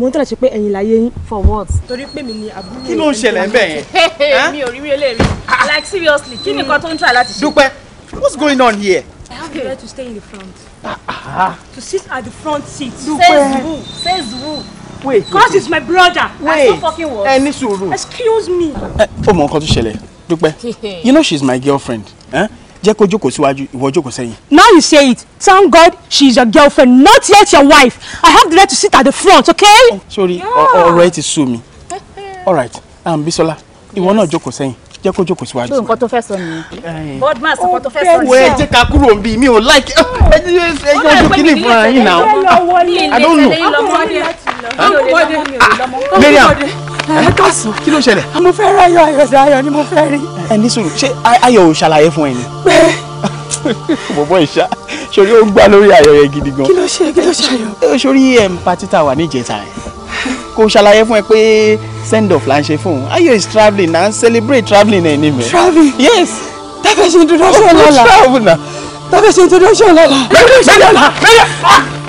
mo ń tẹ̀lé ṣe pé ẹ̀yìn láyé yín for what. torí pé mi ni àbúrò kí ló ń ṣẹlẹ̀ ń bẹ̀ yẹn. mi ò rí mi eléyìí like seriously kí ni nǹkan tó ń try láti ṣe. dúpẹ́ what's going on here. I have the right to stay in the front. Ah, ah. To sit at the front seat. Dúpẹ́ says who says who. wait cause it's my brother. wait and so fucking what. ẹ ní sùúrù. excuse me. ẹ eh, ó mọ nǹkan tó ṣẹlẹ̀ dúpẹ́ you know she's my girlfriend. Eh? jẹ́ kó jókòó síwájú ìwọ jókòó sẹ́yìn. now you say it thank god she is your girlfriend not yet your wife i have the right to sit at the front okay. Oh, sorry ọ̀rọ̀ ẹ ti sú mi all right um, Bisola ìwọ náà jókòó sẹ́yìn jẹ́ kó jókòó síwájú. ṣé nǹkan tó fẹ́ sọ nìyẹn. boardman sọ nǹkan tó fẹ́ sọ nìyẹn. wẹ́ẹ́ jẹ́ ká kúrò nbí mi ò like ẹ jẹ́ ẹ jẹ́ ojú kìíní fún ara yín náà i don't know. Mariam ẹ káàsán kí ló ṣẹlẹ̀. mo fẹ́ rẹ ayọ̀ ayọ̀ dayọ̀ ni mo fẹ́ rí. ẹ ní sùúrù ṣé ayọ̀ ò ṣàlàyé fún ẹ ni. pé bọ̀bọ̀ ìṣá sori ó gbá lórí ayọ̀ yẹn gidi gan. kí ló ṣe kí ló ṣe ayọ̀. sori ẹ̀ ń pa títà wà níjẹta yẹn kò ṣàlàyé fún ẹ pé send off la ń ṣe fún un ayọ̀ is travelling na celebrate travelling ẹ̀ ní mẹ́. travelling yes. tafẹ́ ṣe introduction oh, lọ́la tafẹ́ ṣe introduction lọ́la. bẹ́ẹ̀ ni ìṣẹ́lẹ̀ ọ̀la bẹ́ẹ̀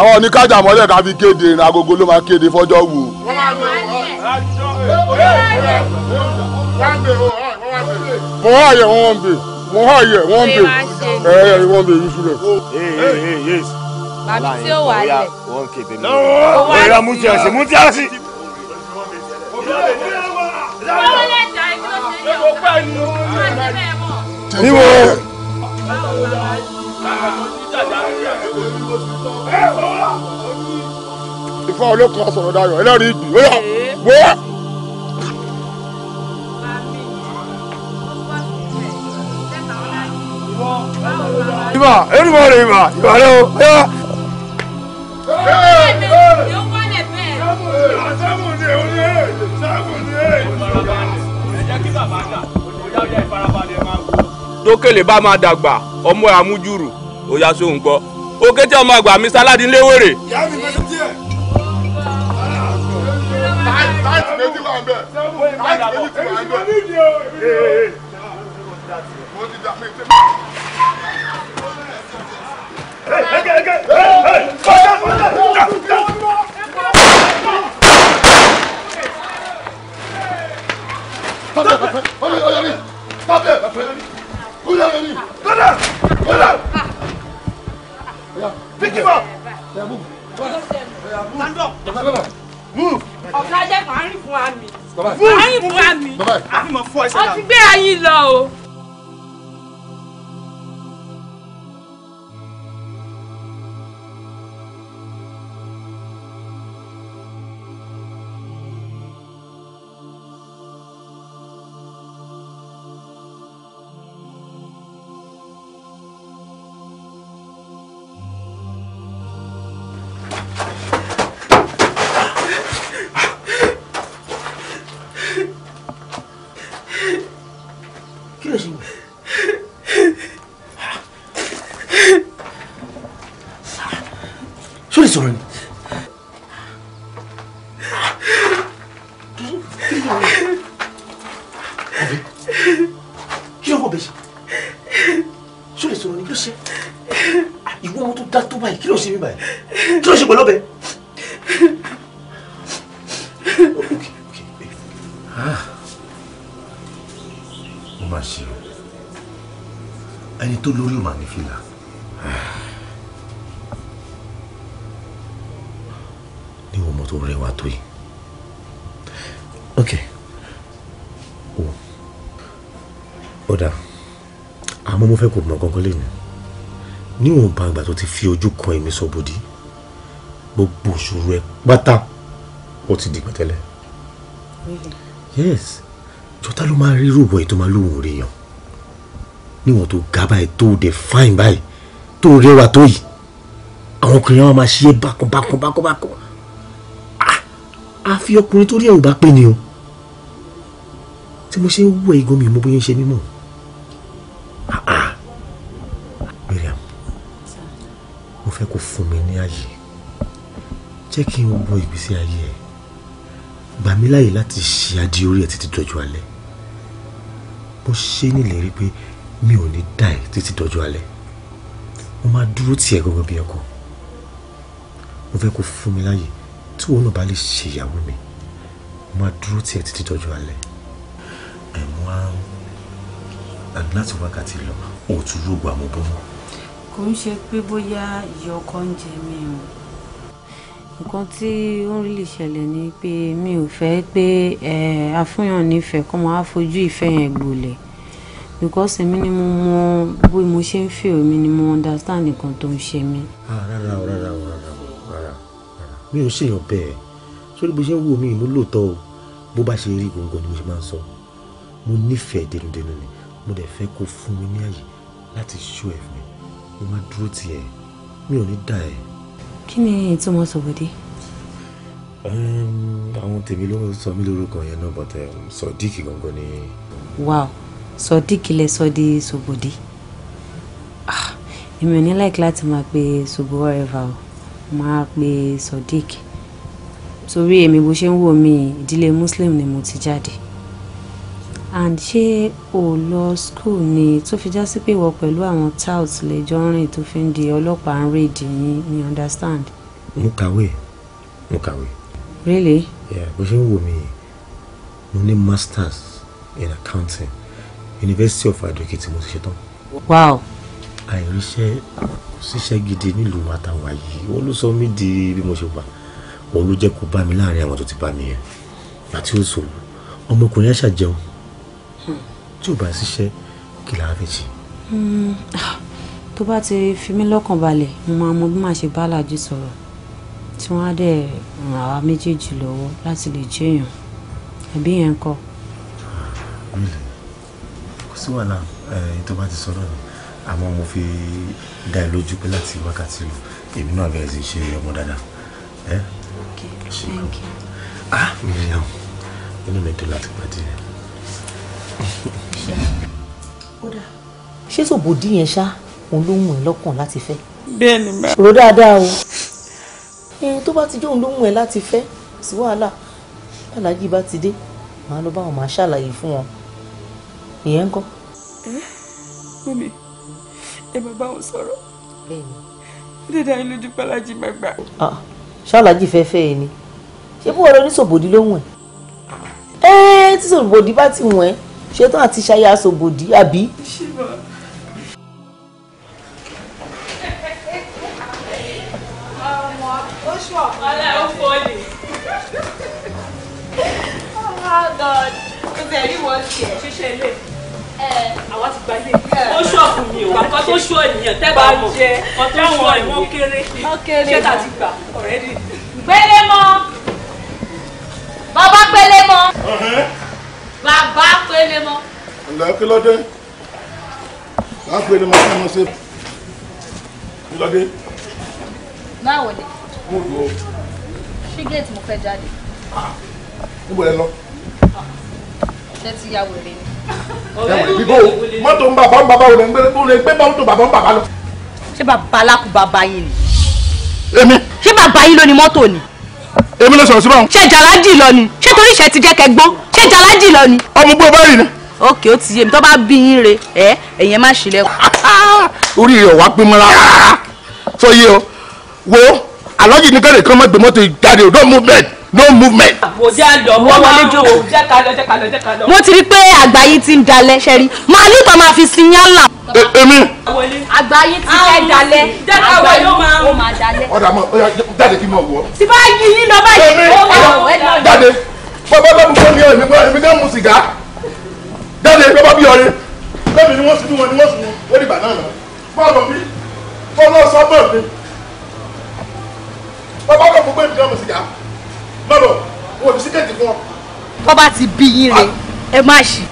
àwọn oníkájà mọ́lẹ̀ ká fi kéde ìrìn agogo ló máa kéde fọ́jọ́ wò. mo hà yẹ wọn ń bè mo hà yẹ wọn ń bè ẹ ẹ wọn ń bè yín sílẹ̀. bàbá tí ó wà á lẹ̀. lọ́wọ́ ìyá mú tí a sí mú tí a sí. níwọ̀n ìfọ olókun asọ̀rọ̀ dayọ̀ ẹlẹ́rìí ìgbì ó yà wọ́. ìbà ẹnìmọ̀ rẹ̀ ìbà ìbà rẹ̀ o. tókèlè bá máa dàgbà ọmọ ẹ̀ amújúrù ó yá sóhun gbọ́ òkè tí ọmọ àgbà mi sáládì léwèrè. ìyá mi fẹsẹ̀ díẹ̀. láti méjì wà ń bẹ̀ láti méjì wà ń bẹ̀. mo ti dà mí tẹ́lẹ̀. Ege ege ee ee kọjá kọjá kọjá. Stop it! Stop it! Stop it! Stop it! Stop it! Stop it! Pick him up. Yeah, move. Stand up. Move. Ọ̀gá jẹ́ màá rìn fún àmì. Move. Màá rìn fún àmì. Àfi mọ̀ fọ́ ẹsẹ̀ náà. Ó ti gbé ayé lọ o. kí ló ṣe yìí. ṣó lè sọ̀rọ̀ ni. kí ló wọ bẹ ṣe ṣó lè sọ̀rọ̀ ni kí ló ṣe ìwọ ọmọ tó dá tó báyìí kí ló ṣe mí báyìí kí ló ṣe pẹ̀lú ọbẹ̀. tó lórí mà ní fìlà. ní ọmọ tó rẹwà tó yìí ok o ó dà àmọ́ mo fẹ́ kó mọ̀ kankan lẹ́nu níwọ̀nba àgbà tó ti fi ojú kan èmi sọ bòdì gbogbo òṣòro ẹ pátá ó ti di pẹ̀tẹ́lẹ̀ yes jọta ló máa rí rúbọ ètò máa lóhùn rí yan níwọ̀n tó ga báyìí tó dẹ̀ fáìn báyìí tó rẹwà tó yìí àwọn ọkùnrin wọn máa ṣe é bákan bákan bákan bákan àfi ah, ọkùnrin tó rí ẹ̀rù bá pè ní o tí mo ṣe ń wọ igun mi mo bóyá ń ṣe mímọ́ ah, ah. Mariam mo fẹ́ kó fún mi ní ààyè jẹ́ kí n wo ìgbésí ayé ẹ̀ gbà mí láàyè láti ṣe adé orí ẹ̀ títí dọjọ́ alẹ́ mo ṣe nílẹ̀ rí pé mi ò ní dà ẹ́ títí dọjọ́ alẹ́ mo máa dúró tì ẹ́ gangan bí ọkọ mo fẹ́ kó fún mi láyè tí òun náà bá lè ṣe ìyàwó mi mo máa dúró tì ẹ́ títí dọjọ́ alẹ́ ẹ̀mú á láti wákàtí lọ òun tún rògbò àmọ́bọ́mọ́. kò ń ṣe pé bóyá ìyá ọkọ ń jẹ mí o nǹkan tí ó ń rí ìṣẹ̀lẹ̀ ni pé mi ò fẹ́ pé àfúnyàn nífẹ̀ẹ́ kọ́ máa fojú ìfẹ́ yẹn gbolẹ̀ because èmi ni mo mọ bí mo ṣe ń feel èmi ni mo understand nǹkan tó ń ṣe mí. Ah, rárá o rárá o rárá o rárá mi ò ṣèyàn bẹ́ẹ̀ sórí bó ṣe ń wò mí mo lóòótọ́ o bó bá ṣe rí gbòǹgbò ni mo ṣe máa ń sọ mo nífẹ̀ẹ́ dẹnudẹnu ni mo dẹ̀ fẹ́ kó fún mi ní àyè láti ṣó ẹ̀ fún mi mo máa dúró tì ẹ́ mi ò ní dà ẹ́. kí ni ìtumọ̀ sọ̀bọ̀dé. àwọn tèmi ló sọ mí lórúkọ yẹn náà bọ̀tẹ̀ sọ díìkì gangan ni. wow sọdí kílẹ̀ sọdí sòbòdì èmi ò ní láìkí láti máa pe sòbò ọ̀rẹ́fà o máa pe sodiq torí èmi bó ṣe ń wò mí ìdílé muslim ni mo ti jáde and ṣé o lọ school ni tó fi já sí pé ìwọ pẹ̀lú àwọn tout lè jọ rìn tó fi ń di ọlọ́pàá ń rèdì yín you understand. mo kàwé mo kàwé. really. bó ṣe ń wò mí mo ní masters in accounting University of Adoke tí mo ti ṣetán. wow. àìríṣẹ́ kò síṣẹ́ gidi nílùú wa tá wọ́n ló sọ mí di bí mo ṣe wà wọ́n ló jẹ́ kó bá mi láàrin àwọn tó ti bá mi yẹn àti òṣòwò ọmọkùnrin yẹn ṣàjẹun hmm. tí ò bá ṣiṣẹ́ kí làá fi ṣe. Hmm. Ah, tó bá ti fi mí lọ́kàn balẹ̀ mo máa mọ bí màá ṣe bá aláàjì sọ̀rọ̀ tí wọ́n á dẹ̀ ràn àwa méjèèjì lọ́wọ́ láti lè jẹ́yàn ẹ̀bí yẹn ń kọ́ sí wàhálà tó bá ti sọ̀rọ̀ ni àmọ́ mo fi dá ẹ lójú pé láti wákàtí lọ èmi náà bẹ̀rẹ̀ sí ṣe ọmọ dáadáa ẹ ah miriam inú mi dùn láti pàdé ẹ. ṣé tòbòdì yẹn ṣá òun ló mú ẹ lọ́kàn láti fẹ́. bẹ́ẹ̀ ni bá. rò dáadáa o tó bá ti jẹ́ òun ló mú ẹ láti fẹ́ sí wàhálà alájí bá ti dé màá lọ bá wọn máa ṣàlàyé fún wọn ìyẹn ń kọ́. Eh? mọ́mí ẹ máa bá wọn sọ̀rọ̀ dídá yín lójú pálájì máa gbà. Ah, ṣáláàjì fẹ́ fẹ́ ẹ ni ṣé fún ọ̀rọ̀ oníṣòbòdì ló wọ̀n ẹ eh, tí ṣòbòdì bá ti wọ̀n ẹ ṣetán àti ṣayá ṣòbòdì àbí. Oh my God, because everyone's here. She should live. Eh, àwa ti gbalẹ̀ ó ṣọ́ọ̀kù ni o nǹkan tó ṣọ́ ènìyàn tẹ́ bá mọ̀ nǹkan tó ṣọ́ ẹ̀ wọ́n kéré ṣé ta ti gbà ọ̀rẹ́dì. gbélé mọ bàbá gbélé mọ bàbá gbélé mọ. ǹlẹ́ kí ló dé bàbá gbélé mọ kí wọ́n ṣe kí ló dé. báwo ni ṣí géètì mo fẹ́ jáde. níbo ẹ lọ. ṣé ti ya wèrè ni bíbó mọ́tò ń bàbá ń bàbá ò lè ń gbé bó lè gbé mọ́tò bàbá ń bàbá lọ. ṣé bàbá alákùn bàbá yín ni. èmi. ṣé bàbá yín ló ni mọ́tò ni. èmi ló sọ̀rọ̀ sí báwọn. ṣé jàlájì lọ ni ṣé torí ìṣẹ́ ti jẹ́ kẹgbọ́n ṣé jàlájì lọ ni. ọmọ gbọ́ báyìí ni ókè ó ti yé mi tó bá bí yín re ẹ ẹ̀yẹn má ṣe lẹ́kọ̀ọ́. Ah, ah, orí rẹ̀ wá pé mọ́ra ah! sọ yé o wo àlọ́jì ní kẹ́lẹ́ kan mọ́ gbé mọ́tò jáde ò dọ́ọ̀ mú bẹ́ẹ̀ no movement. mo ti rí pé àgbáyé ti ń dalẹ̀ ṣe rí màálù tó máa fi sin yán là. èmi. àgbáyé ti fẹ́ dalẹ̀ àgbáyé ó máa dalẹ̀. ọ̀dà mọ jáde kí n mọ̀ wọ. tí bá yí yín lọ báyìí ó wà ó ẹ̀ lọ. jáde bàbá bá mi kọ́ ni èmi kọ́ èmi náà mu sìgá jáde bàbá bí ọ̀rẹ́ lẹ́mi ni wọ́n sùn wọn ni wọ́n sùn wọ́n dìgbà náà lọ. bọ́ọ̀lù mi bọ́ọ̀lù ọ̀sán bọ́ọ̀lù mi bàbá bá mi kọ́ èmi náà mu sìgá bọ́bọ̀ wọ́n ti síkẹ́ẹ̀tì fún ọ. bọ́ bá ti bí yín rè é má ṣì.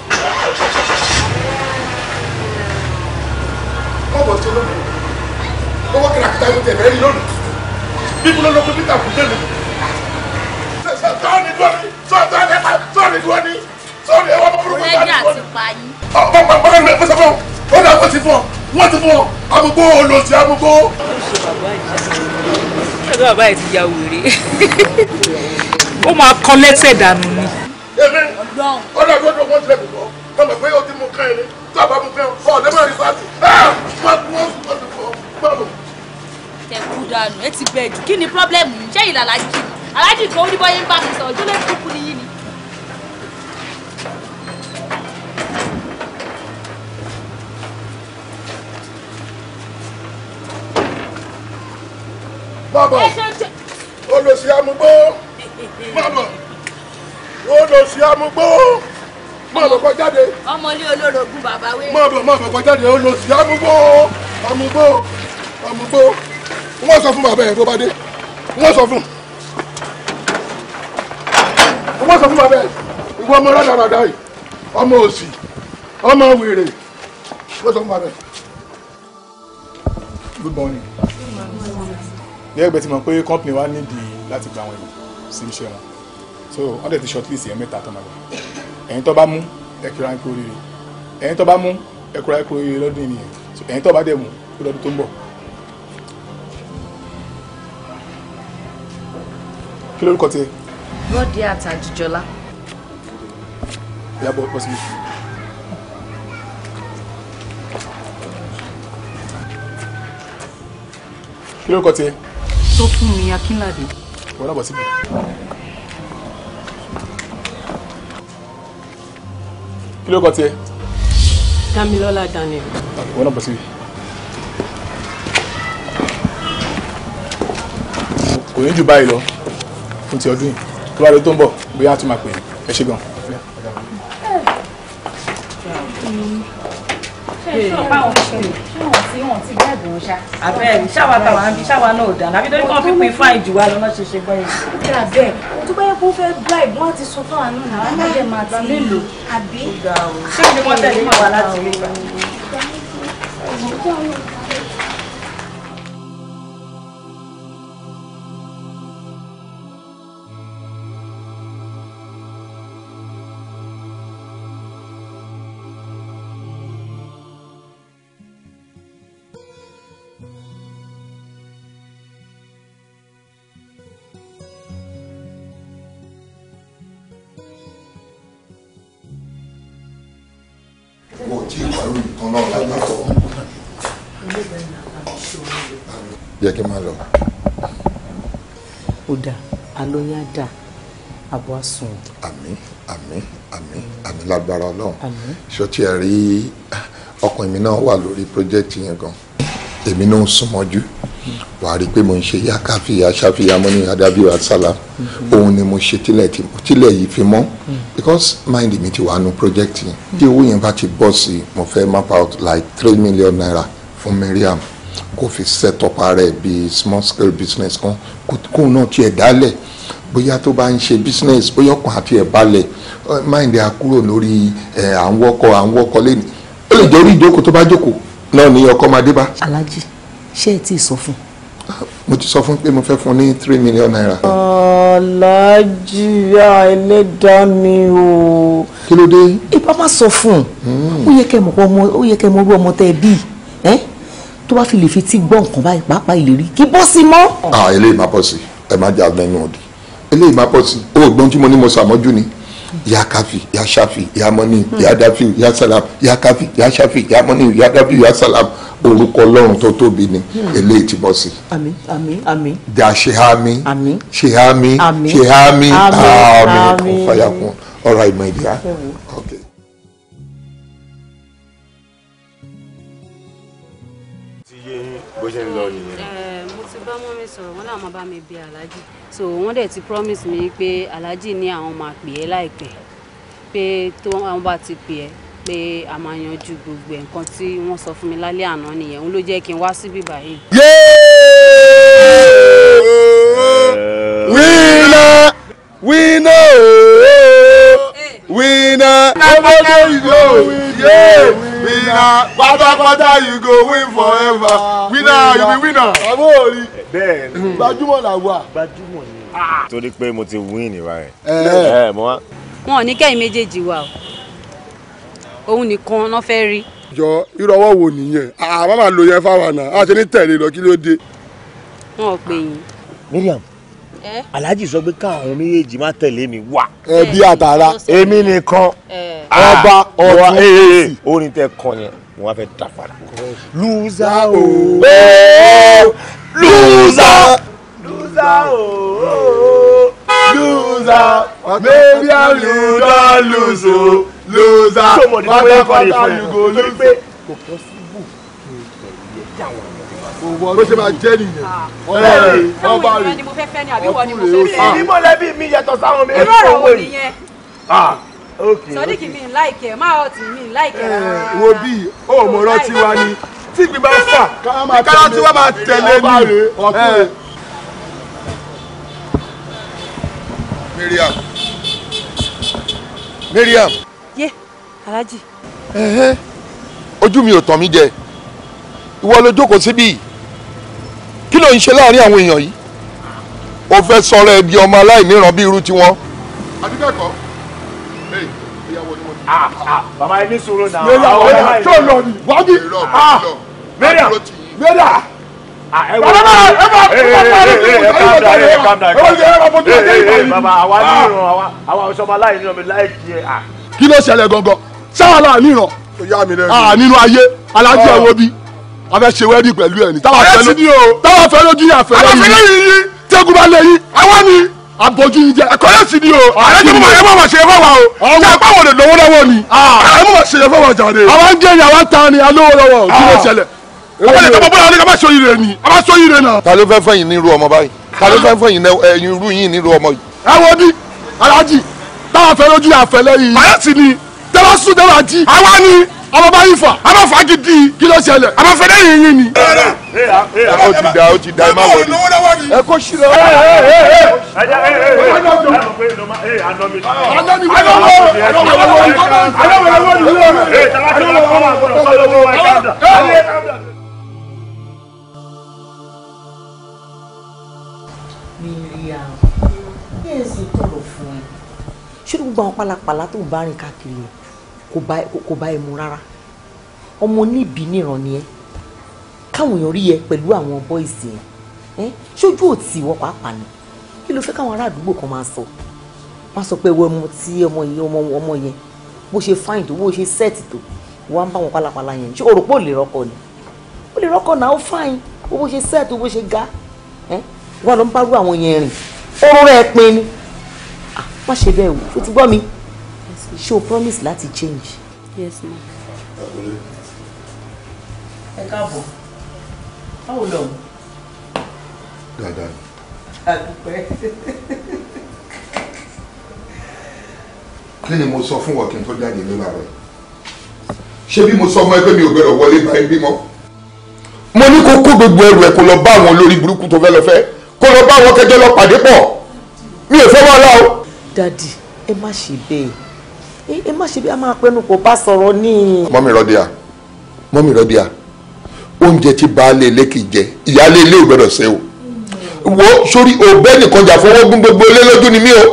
bọ́bọ̀ tó lónìí owó kìràkìtà ló tẹ̀ bẹ́ẹ̀ ni lónìí bí mo lọ́ọ́ lọ́ọ́ pé peter kò dé mi wọ́n ti fún ọ amúgbó olóòtú amúgbó. ṣé bàbá yìí ti ya wèrè ó máa kan lẹ́sẹ̀ dànù ni. èmi ọlọ́dún ọdún wọn tilẹ̀ kùkọ́ tọ́mọ pé ó ti mú kán ilé tó àbá mú kán ọ̀ lẹ́mọ̀ rí fáàtì máa kú wọn sùn pọ̀jù fún bọ́ọ̀lù. ẹ kú dànù ẹ ti bẹ̀ẹ̀ jù kí ni pírọ́blẹ́mù ṣé ìlà alájì alájì kan ó ní bọ́yé ń bá mi sọ ọjọ́ lẹ́nu kúkú ni yín ni. bọ́ọ̀bọ̀ olùsí amúgbó mọ̀mọ̀ olùsí amúgbó mọ̀mọ̀ kọ jáde. ọmọlé olórogún bàbá wé. mọ̀mọ̀ mọ̀mọ̀ kọ jáde olùsí amúgbó amúgbó amúgbó wọ́n sọ fún bàbá ẹ̀ tó bá dé wọ́n sọ fún wọ́n sọ fún bàbá ẹ̀ ìwọ ọmọ rádaràdà yìí ọmọ òsì ọmọ wèrè wọ́n sọ fún bàbá ẹ̀. good morning. ní ẹgbẹ́ ti mọ̀ pé company wa nídìí láti gba àwọn èèyàn sí iṣẹ́ wọn so wọ́n dẹ̀ ti shortlist yẹn mẹ́ta tó máa gbà ẹ̀yin tó bá mú ẹ̀kúra ẹ̀kú oríire ẹ̀yin tó bá mú ẹ̀kúra ẹ̀kú oríire lọ́dún yìí nìyẹn so ẹ̀yin tó bá dẹ̀ mú kó lọ́dún tó ń bọ̀. kí lórúkọ tiẹ̀. bọ́ọ̀dì àtàjùjọlá. ìyá bọ́ sí mi. kí lórúkọ tiẹ̀. tó fún mi akínládé wọ́n dàbọ̀ síbi. kí ló kọ tiẹ̀. Dámilọ́lá Daniel. wọ́n dàbọ̀ síbi. kò ní jù báyìí lọ fún ti ọdún yìí tó bá lọ tó ń bọ̀ bóyá a tún é ẹ ṣé abẹ́ẹ̀ ṣáwa tàwa ń bí ṣáwa náà dà nàbí torí kàn fífi fáìn jù wá lọ́nà ṣe ṣe gbọ́yìn. abẹ́ẹ̀ tó bá yẹ kó fẹ́ bribe wọ́n ti sọ fún àánú náà wọ́n dẹ̀ máa ti lélo àbí. ṣé ìdí wọn tẹ̀lé wà láti rí gbà. dà àbọ̀ àsùn. àmín àmín àmín àmín lágbára ọlọ́run ṣọtí ẹ rí ọkàn mi náà wà lórí pírójẹ́tì yẹn gan èmi náà ń súnmọ́jú wà á rí i pé mo ń ṣe yá káfíyà ṣáfíyà mọ́ ní adábí àṣàlà mhm. òun ni mo ṣe tílẹ̀ yìí fi mọ́ mhm. because mind mi ti wà nù project yìí tí owó yẹn bá ti bọ́ sí i mo fẹ́ map out like three million naira fún Mariam kó fi set up ara ẹ̀ bíi small scale business kan kó náà tiẹ̀ dálẹ̀ bóyá tó bá ń ṣe business bóyá ọkàn àti ẹ̀ balẹ̀ mind a kúrò lórí ẹ̀ à ń wọ́kọ̀ à ń wọ́kọ̀ lẹ́nu ó lè jẹ́ orí ìjókòó tó bá jókòó náà ní ọkọ máa dé bá. alájí ṣé ẹ tí sọ fún. mo ti sọ fún pé mo fẹ́ fún ní three million naira. alájí ẹlẹ́dàá mi o. kí ló dé. ìbá má sọ fún un hmm. ó yẹ kẹ́ mọ̀ ọmọ ó yẹ kẹ́ mọ̀ orú ọmọ tẹ́ ẹ bí tó bá fi lè fi tí gbọ́ nǹkan báyìí pàápàá ìlérí kí bọ́ sí mọ́. Ah, ẹ má jà lẹ́nu ọ̀dì eléyìí máa bọ̀ sí o gbọ́n tí mo ní mo sàmọ́jú ni ya kafi ya ṣafi ya mọ́ni ya dafi ya salam ya kafi ya ṣafi ya mọ́ni ya dafi ya salam orúkọ ọlọ́run tó tóbi ni eléyìí ti bọ́ sí. àmín àmín àmín. dà ṣehami ṣehami ṣehami àmín ọ̀fàyàkùn ọ̀rọ̀ ìmọ̀ ìdíyà. bó ṣe ń lọ nìyẹn mọ́ mi sọ̀rọ̀ wọ́n làwọn máa bá mi bí aláàjì so wọ́n dẹ̀ ti promise mi pé aláàjì ní àwọn máa pè é láìpẹ́ pé tó àwọn bá ti pè é pé a máa yanjú gbogbo ẹ̀ nǹkan tí wọ́n sọ fún mi lálẹ́ àná nìyẹn òun ló jẹ́ kí n wá síbí báyìí. wíná wíná wíná ọmọdé ìjọ wíná winner pátápátá you go win forever ah, winner you be winner. àbó òri bẹ́ẹ̀ni gbajúmọ̀ là wà. gbajúmọ̀ ni. Ah. torí pé mo ti win ìwà rẹ̀. Eh. Eh, mo wá. wọn ò ní kẹ́yìn méjèèjì wa o òun nìkan ló fẹ́ rí. jọ ìrọwọ́ wo nìyẹn àmọ́ ah, màá lo yẹn fáwọn àná àti ní tẹ̀lé lọ kí ló dé. wọn ò pè yín. Miriam Eh? alhaji sọ pé káwọn méjèèjì má tẹ̀lé mi wá. Eh, ẹbí àtàrà èmi nìkan eh. ọba ah, ọba orin tẹ kàn yẹn wọn fẹ́ dà lùzà o lùzà lùzà o lùzà maybe i'm lùzò lùzà pátápátá you go lose. kò pọ́sibú kí n tẹ̀lé ẹ̀ dáwọn bó ṣe máa jẹ́ nìyẹn. ọ̀rẹ́ rẹ̀ ọba rẹ̀ ọkùnrin rẹ̀ ó sá. èmi mọ̀lẹ́bí mi yàtọ̀ sáwọn mi. irú ọ̀rọ̀ wo nìyẹn. Ah, ah, sọdíkì mi ń láìkẹ́ máa ọ̀tí mi ń láìkẹ́ rárá. wo bí o mọ̀ ọ́rọ́ tí wá ní tí ìgbín bá fà ìkárá tí wọ́n máa tẹ̀lé ní ọkùnrin. Eh. Miriam Miriam. yé Alhaji. ojú mi ò tàn mí jẹ ìwọ ló jókòó síbí kí ló ń ṣe láàrin àwọn èèyàn yìí o fẹ́ sọ̀rọ̀ ẹ di ọmọ aláìníran bí irú tiwọn. àti bẹ́ẹ̀ kọ́ bàbá yẹn ní sùúrù náà. mẹ́rà mẹ́rà tó lọ ni wájú mẹ́rà mẹ́rà. Bàbá náà ẹ bá ẹ bá kúrò lọ́wọ́ ẹ bá kúrò lọ́wọ́ ẹ bá kúrò lọ́wọ́. Bàbá àwa níran àwa ọ̀ṣọ́mọ aláìní ọmọ láìkí ẹ̀. Kí ló ṣẹlẹ̀ gangan? Sáwọn aláìní ràn. Nínú ayé, alájọ́ ẹ̀ wo bí? a fẹ́ ṣe wẹ́ẹ́dì pẹ̀lú ẹ̀ ní. táwa fẹ́ lójú yà fẹ́ lẹ́yìn tẹ́gùn bá lẹ́yìn àwọn ni abojú yìí jẹ. ẹkọlẹ sì ni o. àlejò mọ ẹ mọ ma ṣe fọwọ o. ọwọ ṣe àpá wọlé lọ́wọ́ lọ́wọ́ ni. Ah. ẹ mọ ma ṣe fọwọ jáde. àwa ń gẹ̀yìn àwa ń ni alówó lọ́wọ́ kí ló ah. ṣẹlẹ̀. ọmọdé tó bọ bọ́lá ni ká bá sọ yìí ni a bá sọ yìí rẹ ta ló fẹ́ fẹ́yìn nírú ọmọ báyìí ta ló fẹ́ fẹ́yìn irú yìí nírú ọmọ yìí. ẹ wo ni alhaji táwa fẹ́ lójú àfẹ́lẹ́ yìí. àyẹ̀sì ni tẹ́lá sùn tẹ́lá jí. àwa ni ọmọ bá yìí fà á bá fà á gidi kí ló ṣẹlẹ̀ àmọ́ fẹ́lẹ́ yìí yín ni. ó ti da ó ti da ẹ má wọlé ẹ kó sí lọ. ṣé gbogbo àwọn pálapàla tó bá rìn káàkiri yẹn? kò bá ẹ mu rárá ọmọ oníbi níran ni ẹ káwọn èèyàn rí ẹ pẹ̀lú àwọn bọ́ìsì yẹn ṣojú òtí ìwọ pàápàá ni kí ló fẹ́ káwọn ará àdúgbò kan máa sọ máa sọ pé ẹwọ ọmọ tí ọmọ yẹn ọmọ ọmọ yẹn bó ṣe fáìn tó bó ṣe sẹ́ẹ̀tì tó wọ́n á ń bá wọn pálapàla yẹn ṣé o pé ò lè rọ́kọ ni ó lè rọ́kọ̀ náà ó fáìn bó ṣe sẹ́ẹ̀t bó ṣe ga wọn ló ń bá rú àwọn yẹn ẹ pin ni ṣé promise that láti change. yes ma. ẹ káàbọ̀ báwo lọ. dáadáa. àdùpẹ́. kí ni mo sọ fún wọ̀kí tó jáde nílá rẹ̀ ṣé bí mo sọ fún ẹ pé mi ò gbọdọ̀ wọlé bá ẹ bímọ mo ní kó kó gbogbo ẹrù ẹ kó lọ bá àwọn olórí burúkú tó fẹ́ lọ fẹ́ kó lọ bá àwọn kẹjọ lọ pàdé pọ̀ mi ò fẹ́ wàhálà o. dadi ẹ má ṣe bẹ́ẹ̀ ẹ má ṣe bí a máa pẹnu kò bá sọ̀rọ̀ ní. mọ́mí rọ́díà mọ́mí rọ́díà oúnjẹ tí baálé ilé kì í jẹ ìyáálé ilé ò gbọdọ̀ ṣe o wo sórí òbẹ́ nìkan jà fọwọ́ gún gbogbo ilé lójú ni mí o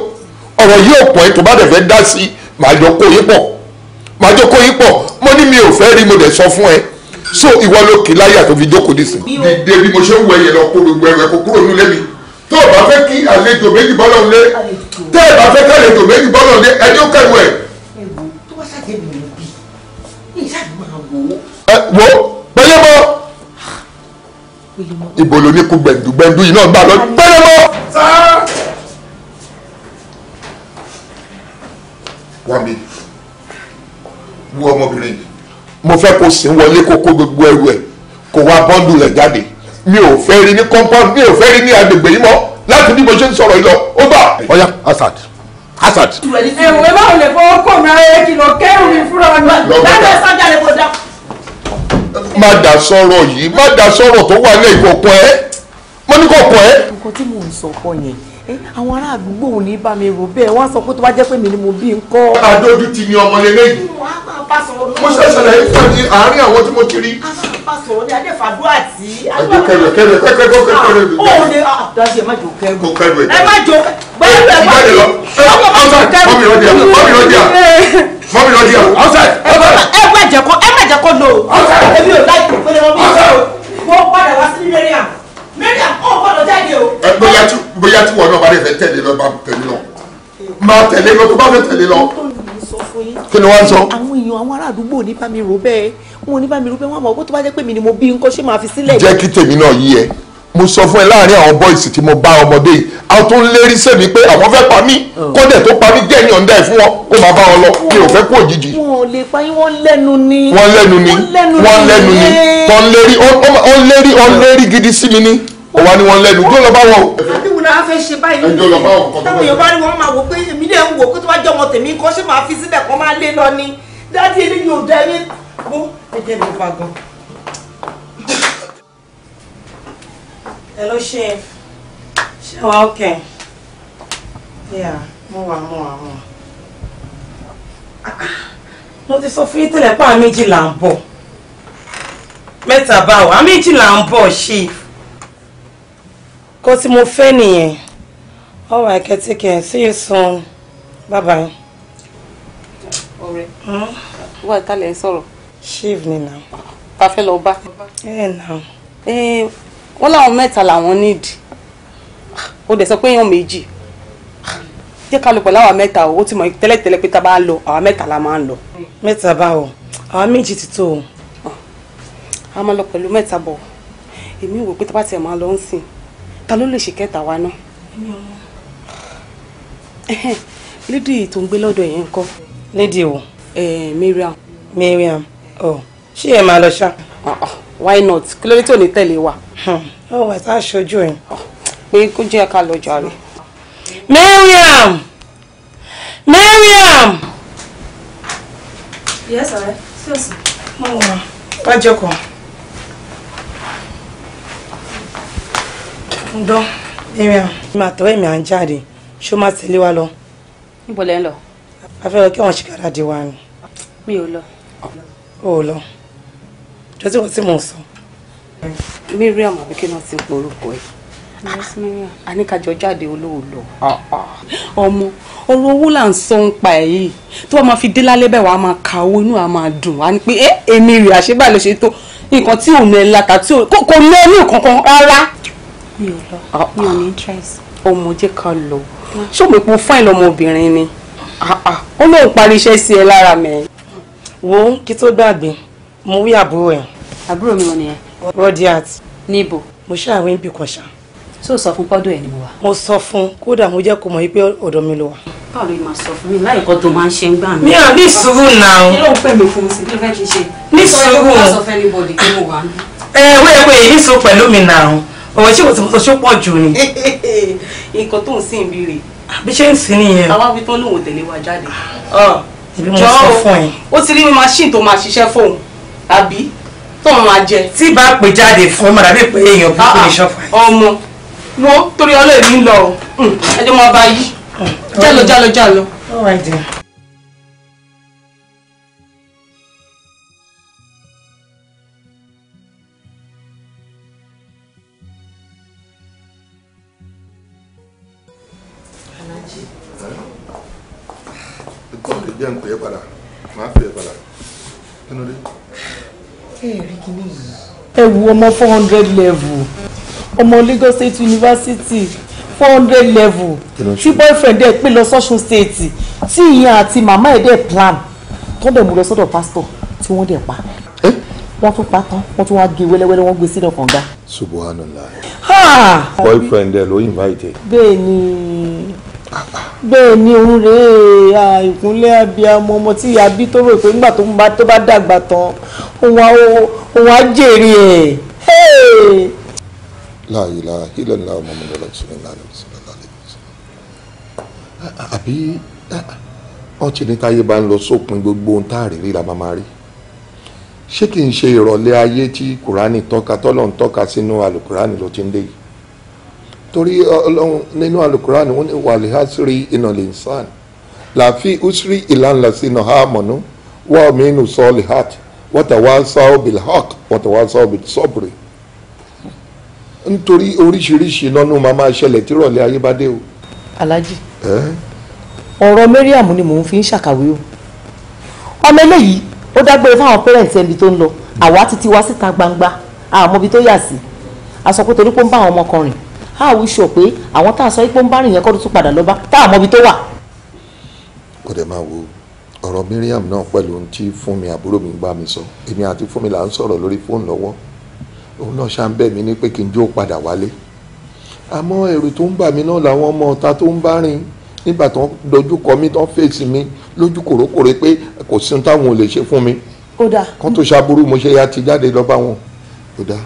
ọ̀rọ̀ yìí ò pọ̀ ẹ́ tó bá dẹ̀ fẹ́ dá sí i màá jọ kó yín pọ̀ màá jọ kó yín pọ̀ mo ní mi ò fẹ́ rí mo dẹ̀ sọ fún ẹ so ìwọ ló kì í láyà tó fi jókòó dì sí. dìde bí mo ṣe ń wọ ẹyẹ lọ kó gbogbo ẹrù ẹkọ kúrò nílé mi tó o bá fẹ́ kí àlejò méjì bọ́lọ̀ ń lé tẹ́ ẹ bá fẹ́ kí àlejò méjì bọ́lọ̀ ń lé ẹni ó ẹ̀ ẹ wo pẹ̀lẹ́ mọ́ ibo ló ní kú gbẹ̀ndùgbẹ̀ndù yìí náà gbà lọ pẹ̀lẹ́ mọ́. wọ́n mi wú ọmọbìnrin yìí mo fẹ́ kó sìn wọlé kó kó gbogbo ẹrù ẹ̀ kó wá bọ́ńdù rẹ̀ jáde mi ò fẹ́ rí ní compound mi ò fẹ́ rí ní agbègbè yìí mọ́ láti bí mo ṣe ń sọ̀rọ̀ yìí lọ ó bá. ọ̀ya Asad Asad. ẹ̀wọ̀n báwo lè fọwọ́ kọ̀ ara yẹ kí kẹ́rù mi fúnra mi lálẹ́ sọ́jà lè kó má dà sọ̀rọ̀ yìí má dà sọ̀rọ̀ tó wà ní ìkọ̀kọ̀ ẹ́ mo ní kọ̀kọ̀ ẹ́. nǹkan tí mò ń sọ kọ yẹn àwọn ará àdúgbò ò ní bá mi rò bẹ́ẹ̀ wọ́n á sọ pé tó bá jẹ́ pé mi ni mo bí ńkọ́. adójú ti ní ọmọ lélẹ́ yìí mo ṣe ṣàlàyé fún mi àárín àwọn tí mo ti rí. adékẹ̀rẹ̀ kẹ̀rẹ̀ kẹ̀kẹ́ kó kẹ̀kẹ́rẹ́ mi. ó lè ah, dájú ẹ má jò kẹrù. kó kẹrù ẹ. ẹ má jò gbẹ́rù ẹ bá mi. ọmọ mi ò dì mọ́mí lọ di ọ outside. ẹ bọ ẹ jẹ kó ẹ má jẹ kó lò ó. outside èmi ò láì tó pé wọn bí wọn kó padà wá sí Mariam Mariam ó gbọ́dọ̀ jáde o. ẹ bóyá tí bóyá tí wọn náà bá lè fẹ́ tẹ̀lé lọ bá tẹ̀lé lọ máa tẹ̀lé lọ tó bá fẹ́ tẹ̀lé lọ kí ni wọ́n sọ. àwọn èèyàn àwọn ará àdúgbò ní bá mi rò bẹ́ẹ̀ wọn ò ní bá mi rò bẹ́ẹ̀ wọn àmọ́ owó tó bá jẹ́ pé mi ni mo bí nǹkan ṣé máa fi sílẹ̀. jẹ́ kí tèmi náà yí ẹ mo sọ fún ẹ láàrin àwọn boys tí mo bá ọmọdé yìí àwọn tó ń lérí sẹ́mi pé àwọn fẹ́ pa mí oh. kọ́dẹ̀ tó pa mí jẹ́ ẹ̀yàn ọ̀dà ẹ̀ fún wọn kó máa bá wọn lọ mi ò fẹ́ kú òjijì. wọn ò lè pa yín wọn lẹ́nu ni. wọn lẹ́nu ni wọn lẹ́nu ni tó ń lérí ó ń lérí ó ń lérí gidi sí mi ni òwa ni wọn lẹ́nu jó lọ bá wọn. àbíwò la fẹ́ ṣe báyìí ní ìlú táwọn èèyàn bá rí wọn máa wò pé èmi lè ń wò pé tó bá jọmọ tèmi kọ́ ṣé máa fi sílẹ̀ kọ́ máa lé lọ ni dájú eléyìí ò dá ẹni bó ẹ̀jẹ̀ mi fa gan. Hello, chef. Ṣé wà oh, okay? Yeah, more wà more wà mo wà. Mo ti sọ fún yín tẹ́lẹ̀ pé àméjì là ń bọ̀. Mẹ́ta báwo, àméjì là ń bọ̀ chief. Kó tí mo fẹ́ nìyẹn. All right, I take care. See you soon. Bye bye. Ọ̀rẹ́. Hmm? Wọ́n ìkàlẹ̀ ń sọ̀rọ̀. Chief ni nà. Ta Perfect lọ Eh now. Eh wọ́n láwọn mẹ́ta làwọn nídìí o dẹ̀ sọ pé èèyàn méjì jẹ́ ká lọ pẹ̀lú àwọn mẹ́ta o ó ti mọ̀ tẹ́lẹ̀tẹ́lẹ̀ pé tá a bá ń lọ àwọn mẹ́ta la máa ń lọ. mẹ́ta báwo àwọn méjì ti tó o. a máa lọ pẹ̀lú mẹ́ta bọ̀ èmi wò pé tá a bá máa lọ ń sìn ta ló lè ṣe kẹta wa náà. lédi tó ń gbé lọ́dọ̀ yẹn kọ́. lédi o. Miriam. Miriam ọ oh, ṣé ẹ máa lọ ṣá. Ah, ah why not kí ló dé tí ò ní tẹ̀lé wa. ó wà tá a ṣojú ẹ̀. pé kó jẹ́ ká lọ jàre. Mariam Mariam. yes ọ̀rẹ́ sí òsì. mo wà wájọ kan. ǹdọ́ Mariam ìmọ̀ àtọ́wọ́ èmi à ń jáde ṣó máa tẹ̀lé wa lọ. níbo lẹ́ ń lọ. a fẹ́ lọ kí wọ́n ṣe kára di wa ni. mi ò lọ. o ò lọ tó tí wọ́n ti mọ̀ sọ. Miriam àbíké náà ti ń porúkọ ẹ àníkàjọ jáde olówó lọ. Ah, ah. ọmọ ọ̀rọ̀ owó là ń sọ ń pa ẹ yìí tó bá máa fi dé lálẹ́ bẹ́ẹ̀ wàá máa ka owó inú àá máa dùn á ní pé ẹ eh, èmi rè àṣebà ló ṣe tó nǹkan tí ò mẹ́la kà tí kò ní ẹni kankan rárá. mi ò lọ ah, mi ò ní interest. ọmọ jẹ́ ká lọ ṣó mo po fáìlì ọmọbìnrin ni ó lóun parí iṣẹ́ sí ẹ lára mẹ́. wo kí tó dàgbé mo wí àbúrò ẹ̀. àbúrò mi wọn nìyẹn. rọ́ọ̀dì art. níbo. mo ṣàwé ń bì kan ṣá. tó sọ fún pọ́dọ̀ ẹ̀ ni mo wà. mo sọ fún kódà mo jẹ́ kó mọ̀ pé ọ̀dọ̀ mi ló wà. báwo ló máa sọ fún mi láì kọ́ tó máa ń ṣe ń gbà mí. mi ò ní sùúrù náà. kí ló ń pè mí fún mi sí kí fẹ́ kí n ṣe. ní sùúrù ẹ wéèwé ní sùúrù pẹ̀lú mi náà ọ̀rọ̀ ṣé kò tí ṣó pọ̀ jù ni. nǹkan tó ń sìn bí rè. bí ṣe ń sìn nìyẹn. àwa wí tán lòun ò tẹ̀lé wa jáde. jọ̀ọ́ o ti rí mi machine tó máa ṣiṣẹ́ fóun àbí tó máa jẹ. tí bá pè jáde fún ọmọ dàbí pé èèyàn kúkú ní ah, ah, ṣọ́ọ̀fù. ọmọ wo torí ọlọ́ọ̀ni ń lọ o hmm, ẹjọ́ máa bá yí jálọ jálọ jálọ. all right then. jẹ́ ń pè é padà máa pè é padà kí ló dé ẹ wo ọmọ four hundred level ọmọ Lagos State University four hundred level tí boyfriend ẹ pè lọ sọ́sùn state tí ìyẹn àti màmá ẹ̀ dẹ̀ plan tó dẹ̀ mú lọ sọ́dọ̀ pásítọ̀ tí wọ́n dẹ̀ pa wọ́n tún pa tán wọ́n tún wá gé wẹ́lẹ́wẹ́lẹ́ wọ́n gbé sínú kànga. subhanallah boyfriend ẹ ló invite. bẹ́ẹ̀ bẹ́ẹ̀ ni òun rèé ìkúnlẹ̀ abiyamọ ọmọ tí ìyá bí tó rò pé nígbà tó bá tó bá dàgbà tán òun á jèrè ẹ̀. láàyè láà ilẹ̀ ńlá ọmọ ọmọ lọ́la ìṣúná ńlá ní ìṣúná ńlá ní ìṣúná. àbí ọtí ní táyé bá ń lọ sópin gbogbo ohun tá a rí rí la máa máa rí ṣé kì í ṣe ìrọ̀lẹ́ ayé tí kùránì tọ́ka tọ́lọ̀ tọ́ka sínú alùkùránì ló ti ń lé yìí torí uh, ọlọ́run nínú alukuran wọn ni wàlẹ̀ hasiri iná lè sàn làfi usri ìlànà sí iná ha mọ̀nú wà mí nù sọ́ọ̀lì hat wọ́tà wá sáwọ́ bìlì hawk wọ́tà wá sáwọ́ bìlì sọ́ọ̀bìrì nítorí oríṣiríṣi lọ́nù máa máa ṣẹlẹ̀ tírọ̀lẹ́ ayé bá dé o. alhaji ọ̀rọ̀ mariam ni mò ń fi ń ṣàkàwé o ọmọ eléyìí ó dágbére fáwọn parents ẹni tó ń lọ àwa ti ti wá síta gbangba àmọ́ ibi tó yà sí a sọ pé torí pé ó ń bá àwọn ọmọ a ò sọ pé àwọn tá a sọ pé ń bá rìn yẹn kọ́ ló tún padà lọ tá a mọ ibi tó wà. kò dẹ̀ máa wo ọ̀rọ̀ Miriam náà pẹ̀lú ohun tí Fúnmi àbúrò mi ń bá mi sọ èmi àti Fúnmi là ń sọ̀rọ̀ lórí fóònù lọ́wọ́ òun náà ṣá ń bẹ̀ mí ní pé kí n jó padà wálé àmọ́ ẹ̀rù tó ń bà mí náà làwọn ọmọ ọ̀tá tó ń bá rìn nígbà tó ń dojú kọ mí tó ń fèsì mi lójú kòrókòrè pé kò sí ohun táwọn ò lè ṣe fún mi. ó dáa kó tó ṣàbúrú mo ṣe ya ti jáde lọ wọn. ó dáa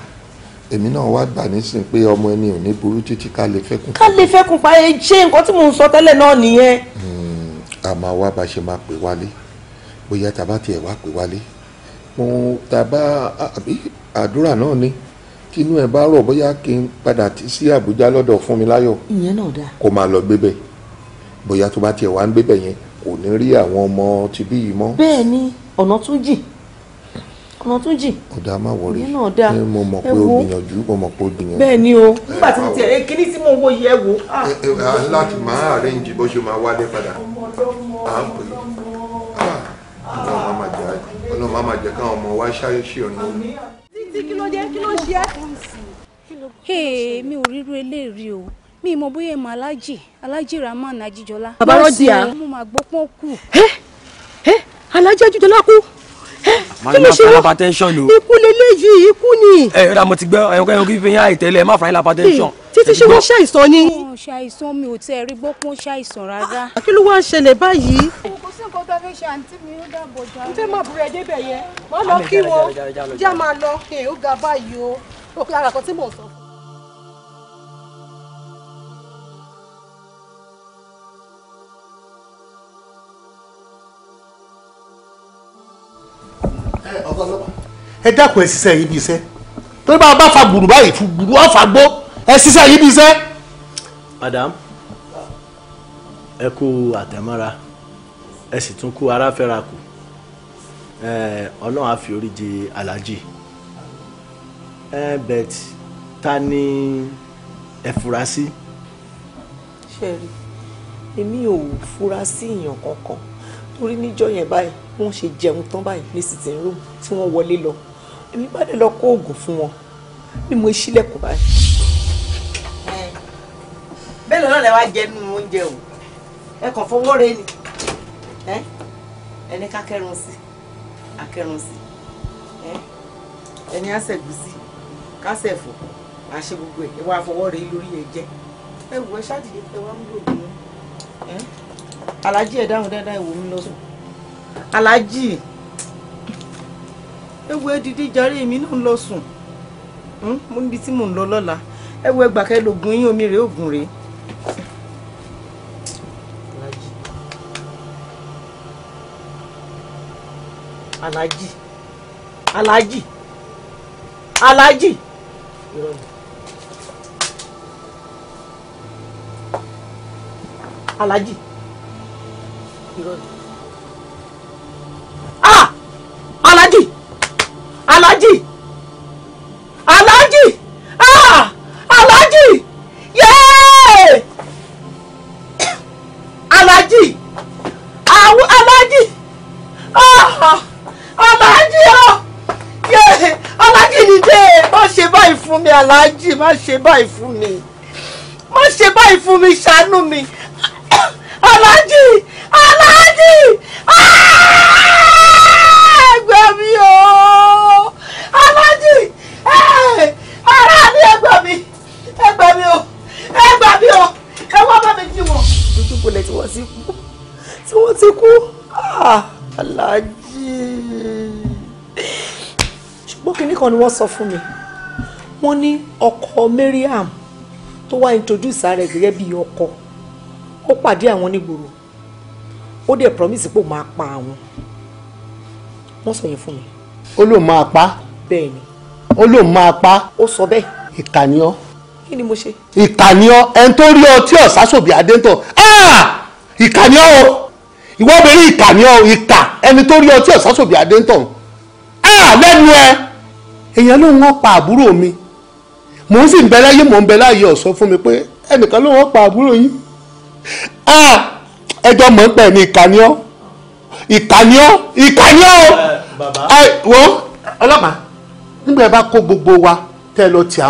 èmi náà wá gbà nísìn pé ọmọ ẹni ò ní burú títí ká lè fẹ́kùn. ká lè fẹ́kùn pa ẹ ṣé nǹkan tí mò ń sọ tẹ́lẹ̀ náà nìyẹn. Hmm, a máa wá bá ṣe máa pè wálé bóyá tá a bá tiẹ̀ wá pè wálé mo tá a bá àbí àdúrà náà ni tínú ẹ bá rọ̀ bóyá kí n padà sí Àbújá lọ́dọ̀ fún mi láyọ̀. ìyẹn náà dáa. kó máa lọ gbébẹ̀ bóyá tó bá tiẹ̀ wá ń gbébẹ̀ yẹn kò ní rí àwọn ọmọ tibí yìí mọ́. bẹ́ẹ̀ ọ̀nà tún jìn ọ̀nà tún jìn. kò dáa má wọrí ìyẹn náà dáa ẹ mo mọ̀ pé o gbìyànjú mo mọ̀ pé o gbìyànjú. bẹ́ẹ̀ ni o nígbà tí mo tiẹ̀ ẹ kíní tí mo wo yẹ wo. Ah. láti máa àrẹ́ǹjì bó ṣe máa wálé padà à ń pè é ah, ọlọ́run á máa jẹ́ káwọn ọmọ wa ṣáyé ṣe ọ̀nà. títí kí ló jẹ́ kí ló ṣe é. mi ò ríru eléèrí o mi ì mọ bóyá ẹ̀ mọ alájì alájì ramán ajíjọlá. bàbá rọ́ọ̀dì à. mo máa gbọ́ pọ́n kù. alájì ajíjọlá kú kí ló ṣe wọ́n ikú leléyìí ikú ni. ẹ ra mo ti gbẹ ẹ̀rọ ẹ̀rọ kí fi yín àìtẹ́lẹ̀ má fà yín hypertension. títí ṣe wọ́n ṣàìsàn ni. mo ń ṣàìsàn mi ò tẹ́ ẹ rí gbọ́ pé ó ń ṣàìsàn rárá. Ah, kí ló wá ń ṣẹlẹ̀ báyìí. kò sí nǹkan tó fẹ́ ṣe àǹtí mi ó dàbọ̀ jà. n fẹ́ máa bú débẹ̀ yẹn wọ́n lọ kí wọn já máa lọ kí ó ga báyìí o ó kí ara kan tí mò ń sọ fún ẹ dákun ẹ ṣiṣẹ́ yìí bí iṣẹ́ torí bá a bá fa gbùrù báyìí gbùrù á fa gbó ẹ ṣiṣẹ́ yìí bí iṣẹ́. madam ẹ kú àtẹ̀mọ́ra ẹ sì tún kú aráfẹ́ra kù ọlọ́run á fi orí jẹ aláàjì bet ta ni ẹ fura sí. ṣe rí èmi ò fura sí èèyàn kankan torí níjọ́ yẹn báyìí wọ́n ṣe jẹun tán báyìí ní sitting room tí wọ́n wọlé lọ èmi bá dé lọ kó oògùn fún wọn bí mo ṣílẹ̀kùn báyìí. bẹ́ẹ̀ lọ́nà lẹ jẹ nínú oúnjẹ o ẹ kàn fọwọ́ rẹ ni ẹni ká kẹrun sí akẹrun sí ẹni àṣẹgùsí kásẹ̀fọ̀ àṣẹ gbogbo ẹ̀ ẹ wá fọwọ́ rẹ lórí ẹ jẹ ẹ wù ẹ ṣáàtìjẹ pé wàá mú lòdì wọn. alájí ẹ dáhùn dáadáa ìwò mi lọ sùn. aláàjì ewu edidi jarí èmi náà ń lọ sùn hmm, mo níbi tí mò ń lọ lọ́la ewu ẹgbàkẹ́ lògùn yín omi rèé ògùn rèé. aláàjì aláàjì ah aláàjì yéé aláàjì àwọn aláàjì ah aláàjì ọ ah! yéé aláàjì ni dé má ṣe báyìí fún mi aláàjì má ṣe báyìí fún mi má ṣe báyìí fún mi ṣàánú mi aláàjì aláàjì. tí wọ́n ti kú tí wọ́n ti kú ah, aláàjì ṣùgbọ́n kinní kan ni wọ́n sọ fún mi wọ́n ní ọkọ Mariam tó wá introduce rẹ̀ gẹ́gẹ́ bí ọkọ ó pàdé àwọn nígboro ó dẹ̀ promise pé ó máa pa àwọn wọ́n sọ yẹn fún mi. ó lóun máa pa. bẹ́ẹ̀ ó lóun máa pa. ó sọ bẹ́ẹ̀. ìkànnì ọ́ kí ni mo ṣe. ìkànnìọ́ ẹni tó rí ọ tí ọ̀sásòbí adéńtọ̀ ah! ìkànnìọ́ o ìwọ obìnrin ìkànnìọ́ ìkà ẹni tó rí ọ tí ọ̀sásòbí adéńtọ̀ ah! lẹ́nu ẹ èèyàn ló ń wọ́n pa àbúrò mi mò ń sì ń bẹ láyé mò ń bẹ láyé ọ̀sọ́ fún mi pé ẹnìkan ló ń wọ́n pa àbúrò yín ah! ẹjọ́ mọ̀ ń pẹ̀ ní ìkànnìọ́ ìkànnìọ́ ìkànnìọ́ o eh, ọlọ́pàá nígbà yẹn bá kó gbogbo wa tẹ́ lọ tì á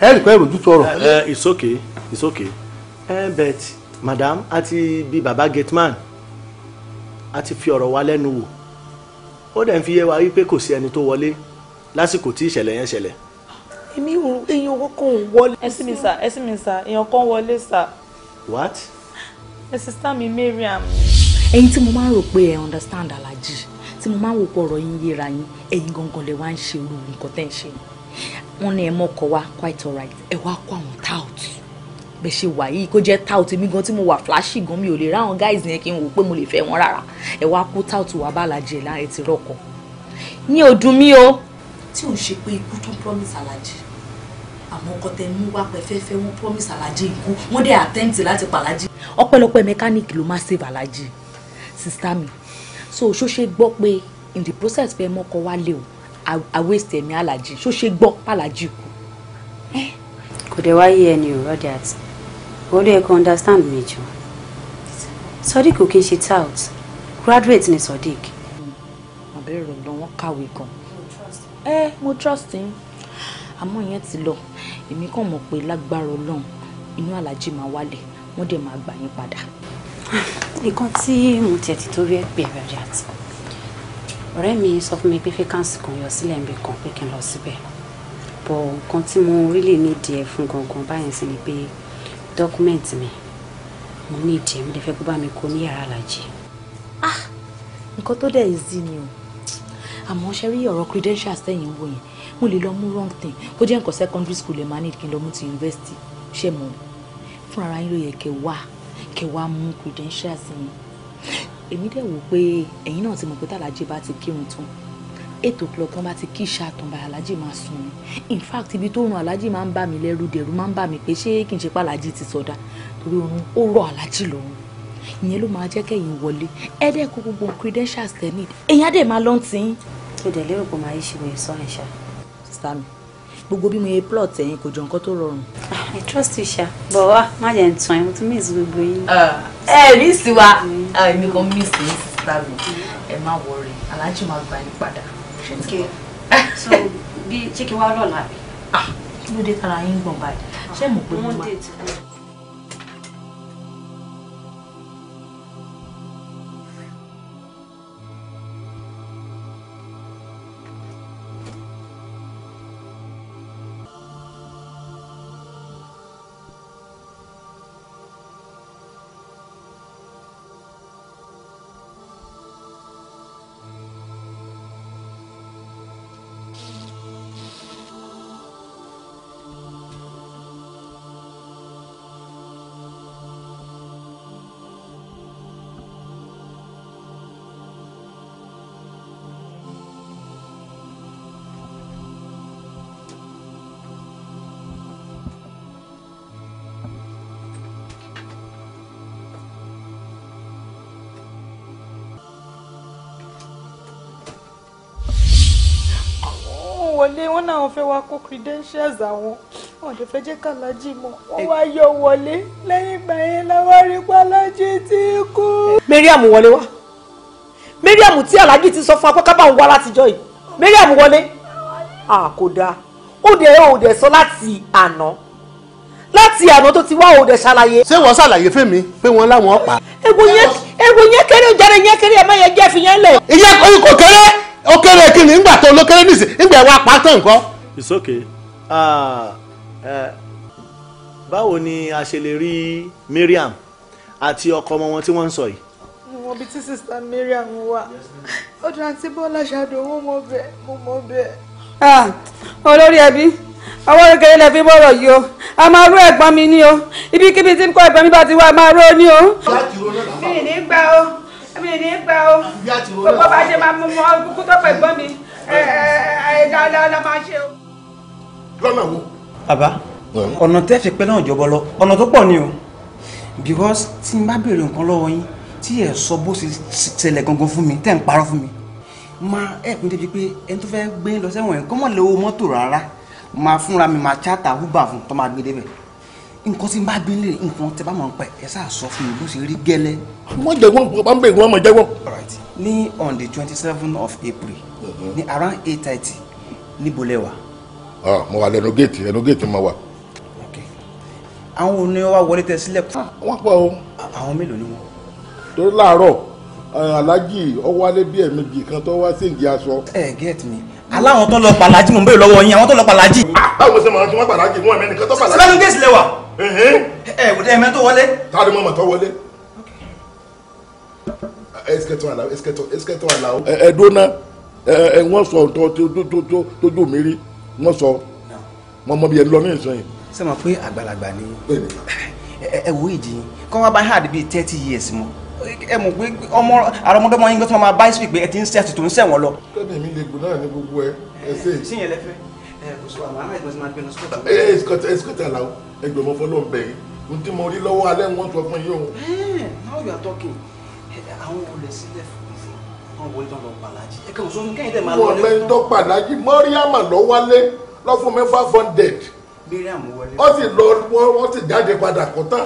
ẹ rí pé tọrọ. Eh, it's okay it's okay ẹ eh, bet madam àti bí baba gateman àti fi ọ̀rọ̀ wa lẹ́nu wò ó dẹ̀ ń fi yé wa wípé kò sí ẹni tó wọlé lásìkò tí ìṣẹ̀lẹ̀ yẹn ṣẹlẹ̀. èmi ò èèyàn owó kan wọlé. ẹ mi sà ẹ mi sà èèyàn kan wọlé sà. what. ẹ sista mi Mariam. ẹ̀yin tí mo máa ń rò pé ẹ understand alaji. tí mo máa ń wò pọ̀ ọ̀rọ̀ yín yéra yín ẹ̀yin gangan lè wá ń ṣe irú nǹkan tẹ́ ń ṣe wọ́n ní ẹ̀mọ́ ọkọ̀ wa quite alright ẹ wá kó àwọn tout bẹ́ẹ̀ ṣe wà yìí kó jẹ́ tout mi gan tí mo wà flashy gan mi ò lè ráwọn guys yẹn kí n wò pé mo lè fẹ́ wọn rárá ẹ wá kó tout wà bá alájẹ láàrin ti rọ́kọ̀ ní ọdún mi o. tí ò ṣe pé ikú tún promise alájẹ àwọn ọkọ tẹ mú wá pẹfẹfẹ wọn promise alájẹ ikú wọn dé attempt láti pàlájì. ọpẹ́lọpẹ́ mẹkáníìkì ló máa save alájẹ sista mi so ṣó ṣe gbọ́ pé in the process pé ẹ mọ́kọ wá o àwẹ̀sì ẹ̀mí alájí ṣó ṣe gbọ́ alájí kù. kò dé wáyé ẹni ò rọ́dẹ̀ àti gbọ́dọ̀ ẹ kò understand mi jù sodiq kò kí n ṣe tout graduate ni sodiq. àbẹ̀rẹ̀ rẹ̀ lọ wọ́n kàwé gan. ẹ mo trust yín àmọ́ ìyẹn ti lọ èmi kàn mọ̀ pé lágbára ọlọ́run inú alájí máa wálẹ̀ wọ́n dẹ̀ máa gbà yín padà. nǹkan tí mo tiẹ̀ ti torí ẹ̀ pè rẹ̀ àti ọ̀rẹ́ mi sọ fún mi pé fẹ́kánsì kan yọ sílẹ̀ ń bẹ kan pé kí n lọ síbẹ̀ bọ̀ nǹkan tí mo rí lè ní ìdí ẹ̀ fún gangan báyìí sí ni pé dọ́kúmẹ̀ntì mi mo ní ìdí ẹ̀ mo lè fẹ́ kó bá mi kó ní yàrá alájì. ah nǹkan tó dẹ̀ yìí ni o àmọ́ ṣe rí ọ̀rọ̀ credentials tẹ̀yìn wò yẹn mo lè lọ mú wrong thing bó jẹ́ nǹkan secondary school ẹ̀ máa ní kí n lọ mú ti university ṣe mọ̀ fúnra ara yín ló yẹ kẹ́ wá mú credentials yẹn èmi dẹ̀ wò pé ẹ̀yin náà ti mọ̀ pé tàlàjì bá ti kírun tán eight o'clock tán bá ti kí ìṣá tán bá alájì máa sùn ni in fact ibi tó rùn alájì máa ń bà mí lẹ́rù dẹ̀rù máa ń bà mí pé ṣé kì í ṣe pé alájì ti sọdá torí oorun ó rọ̀ alájì lọ́rùn ìyẹn ló máa jẹ́ kẹ́yìn wọlé ẹ̀ẹ́dẹ́ kó gbogbo credentials tẹ̀ ní èyí á dẹ̀ máa lọ́n tí. o dẹ̀ lérò pé màá yí ṣe wòye sọ àìṣà. sísá mi gbogbo bí mo yẹ plot ẹ̀yin kò jọ nǹkan tó rọrùn. I trust you, Sha. But my má jẹ́ n tún ẹ, mo tún miss gbogbo yín. Ẹ miss wa, èmi kò miss yín sísá mi. Ẹ má worry, aláàjì máa gba yín padà. So bí ṣé kí wá rọ̀ làbí? Ah, kí ló dé tara yín gbọ̀n báyìí? Ṣé mo pè é mọ́? wọ́n náà fẹ́ wá kó credentials àwọn wọ́n lè fẹ́ jẹ́ kálájì mọ́ wọ́n wá yọ wọlé lẹ́yìn ìgbà yẹn làwọn rí pálájì tí kú. mariam wọlé wá mariam tí alájì ti sọ fún akọ́kábà ń wá látijọ́ yìí mariam wọlé kò dáa ó dẹ̀ ó dẹ̀ sọ láti àná láti àná tó ti wá òde ṣàlàyé. ṣé wọ́n ṣàlàyé fún mi pé wọ́n láwọn pa. ewu yẹn kéré jẹrẹ yẹn kéré ẹ má yẹ jẹ fi yẹn lẹ. ìyẹn kò kéré ó kéré kí ni ńgbà tó ló kéré nìsín ńgbà ẹ̀ wá pa tán nǹkan. it's okay uh, uh, báwo ni a ṣe lè rí Mariam àti ọkọ ọmọ wọn tí wọ́n ń sọ yìí. mo bí tí sista Mariam wà ọdún àti Bọ́lá ṣàdó owó mo bẹ̀ mo mọ bẹ̀. Ah, olórí ẹbí ọwọ́ kékeré lẹ fi bọ̀rọ̀ yìí o a máa rú ẹ̀gbọ́n mi ní o ibikíbi tí kò ẹ̀gbọ́n mi bá ti wá a máa rú ní o. mi ní gbà o mi ní gbà o gbogbo bá ṣe máa mú mọ kúkú tó pẹ̀ gbọ́n mi dáadáa la máa ṣe o. lọ́nà wo. bàbá ọ̀nà tẹ́ fi pẹ́ náà jọbọ lọ ọ̀nà tó pọ̀ ni o because tí n bá béèrè nǹkan lọ́wọ́ yín tí ẹ sọ bó ṣe ṣẹlẹ̀ gangan fún mi tẹ́ ń parọ́ fún mi máa ẹ̀ pín débi pé ẹni tó fẹ́ gbé lọ sẹ́wọ̀n yẹn kọ́mọ̀lẹ́wọ́ mọ́tò rárá máa fúnra mi máa chátà húbà fún tó máa gbé débẹ̀ nǹkan tí n bá bí lè nǹkan tẹ bá máa ń pẹ ẹ sáà sọ fún mi bó ṣe rí gẹ́lẹ́. wọ́n jẹ́ bá ń bẹ̀rù wọn mọ̀ jẹ́ wọ́n. ní on the twenty seven of April uh-huh. ní around eight thirty níbo lẹ wà. Ah, mo wà lẹ́nu géètì lẹ́nu géètì mo wà. àwọn ò ní wá wọlé tẹ sílẹ̀. Ah, wọ́n pọ̀ o. àwọn mélòó ni wọ́n. torí láàárọ̀ eh, alájì ọwọ́ alẹ́ bíi ẹ̀mejì kan tó wá sí ìdí aṣọ. ẹ eh, gẹ́ẹ̀tì mi aláwọn tó lọ pàlájì mò ń bèrè lọ́wọ́ yín àwọn tó lọ pàlájì. Ah, báwo ṣe máa ń ṣe wọn pàlájì wọn ẹ̀mẹ́nìkan tó pàlájì. sẹ́lẹ̀ ń gé sílẹ̀ wà ẹ kò tẹ ẹmẹ tó wọlé. ta ni mọ̀mọ̀ tó wọlé. ẹsikẹtọ àlàó ẹsikẹtọ àlàó. ẹ dóná ẹ wọ́n sọ ọ̀tọ̀ tójú mi rí wọ́n sọ wọ́n mọ bí ẹ lọ ní ìsọ yìí. ṣé mo pé àgbàlagbà ni ẹ wo ìdí kọ́ wá bá hard bíi thirty years mu ẹ mọ̀ pé ọmọ àrọmọdọ́mọ yín gbé tí wọ́n máa bá ìsìkì pé ẹ ti ń ṣe àtìtò ń ṣẹ̀wọ̀n lọ. kẹ́ni mi lè gbọ́ náà ní gbogbo ẹ ẹ é, síyẹn lẹ fẹ́ ẹ ẹsikọtẹ la ẹgbẹmọ fọlọ ń bẹ yìí n mo rí lọ́wọ́ alẹ́ wọn sọ fún yín o. now you are talking àwọn olè sílẹ̀ fúnfún wọn wọlé tó ń lọ ẹ kàn sọ fún kẹ́hìn tẹ̀ máa lọ lẹ́wọ́. tọ́ pàlájì mọ́ríàmà lọ́wọ́lé lọ́fún mẹ́fà funded. miriam wọlé. wọ́n sì jáde padà kọ́tà.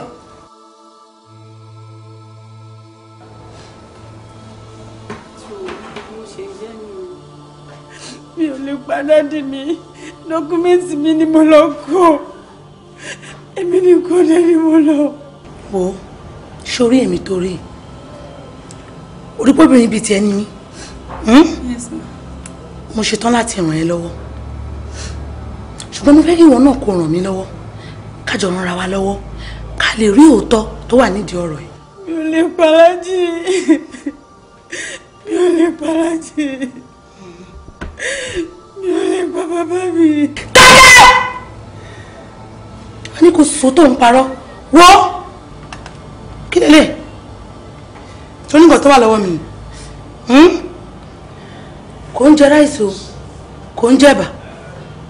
mi ò lè pa dádì mi dọ́kúmẹ́ǹtì mi ni mo lọ kó èmi nìkan dé ni mo lọ. wo sórí èmi tó rí orípòbìnrin bíi tiẹ̀ ni mí mo ṣetán láti ràn ẹ́ lọ́wọ́ ṣùgbọ́n mo fẹ́ kí ìwọ náà kó ràn mí lọ́wọ́ kájọ ràn ra wa lọ́wọ́ ká lè rí òótọ́ tó wà nídìí ọ̀rọ̀ yìí. mi ò lè palájì mi ò lè palájì bàbá bá mi. tẹ́lẹ̀ a ní kò sọ tó ń parọ́ wo kí lélẹ̀ onígbà to wà lọ́wọ́ mi kò ń jẹ ráìsì o kò ń jẹ ẹ̀bà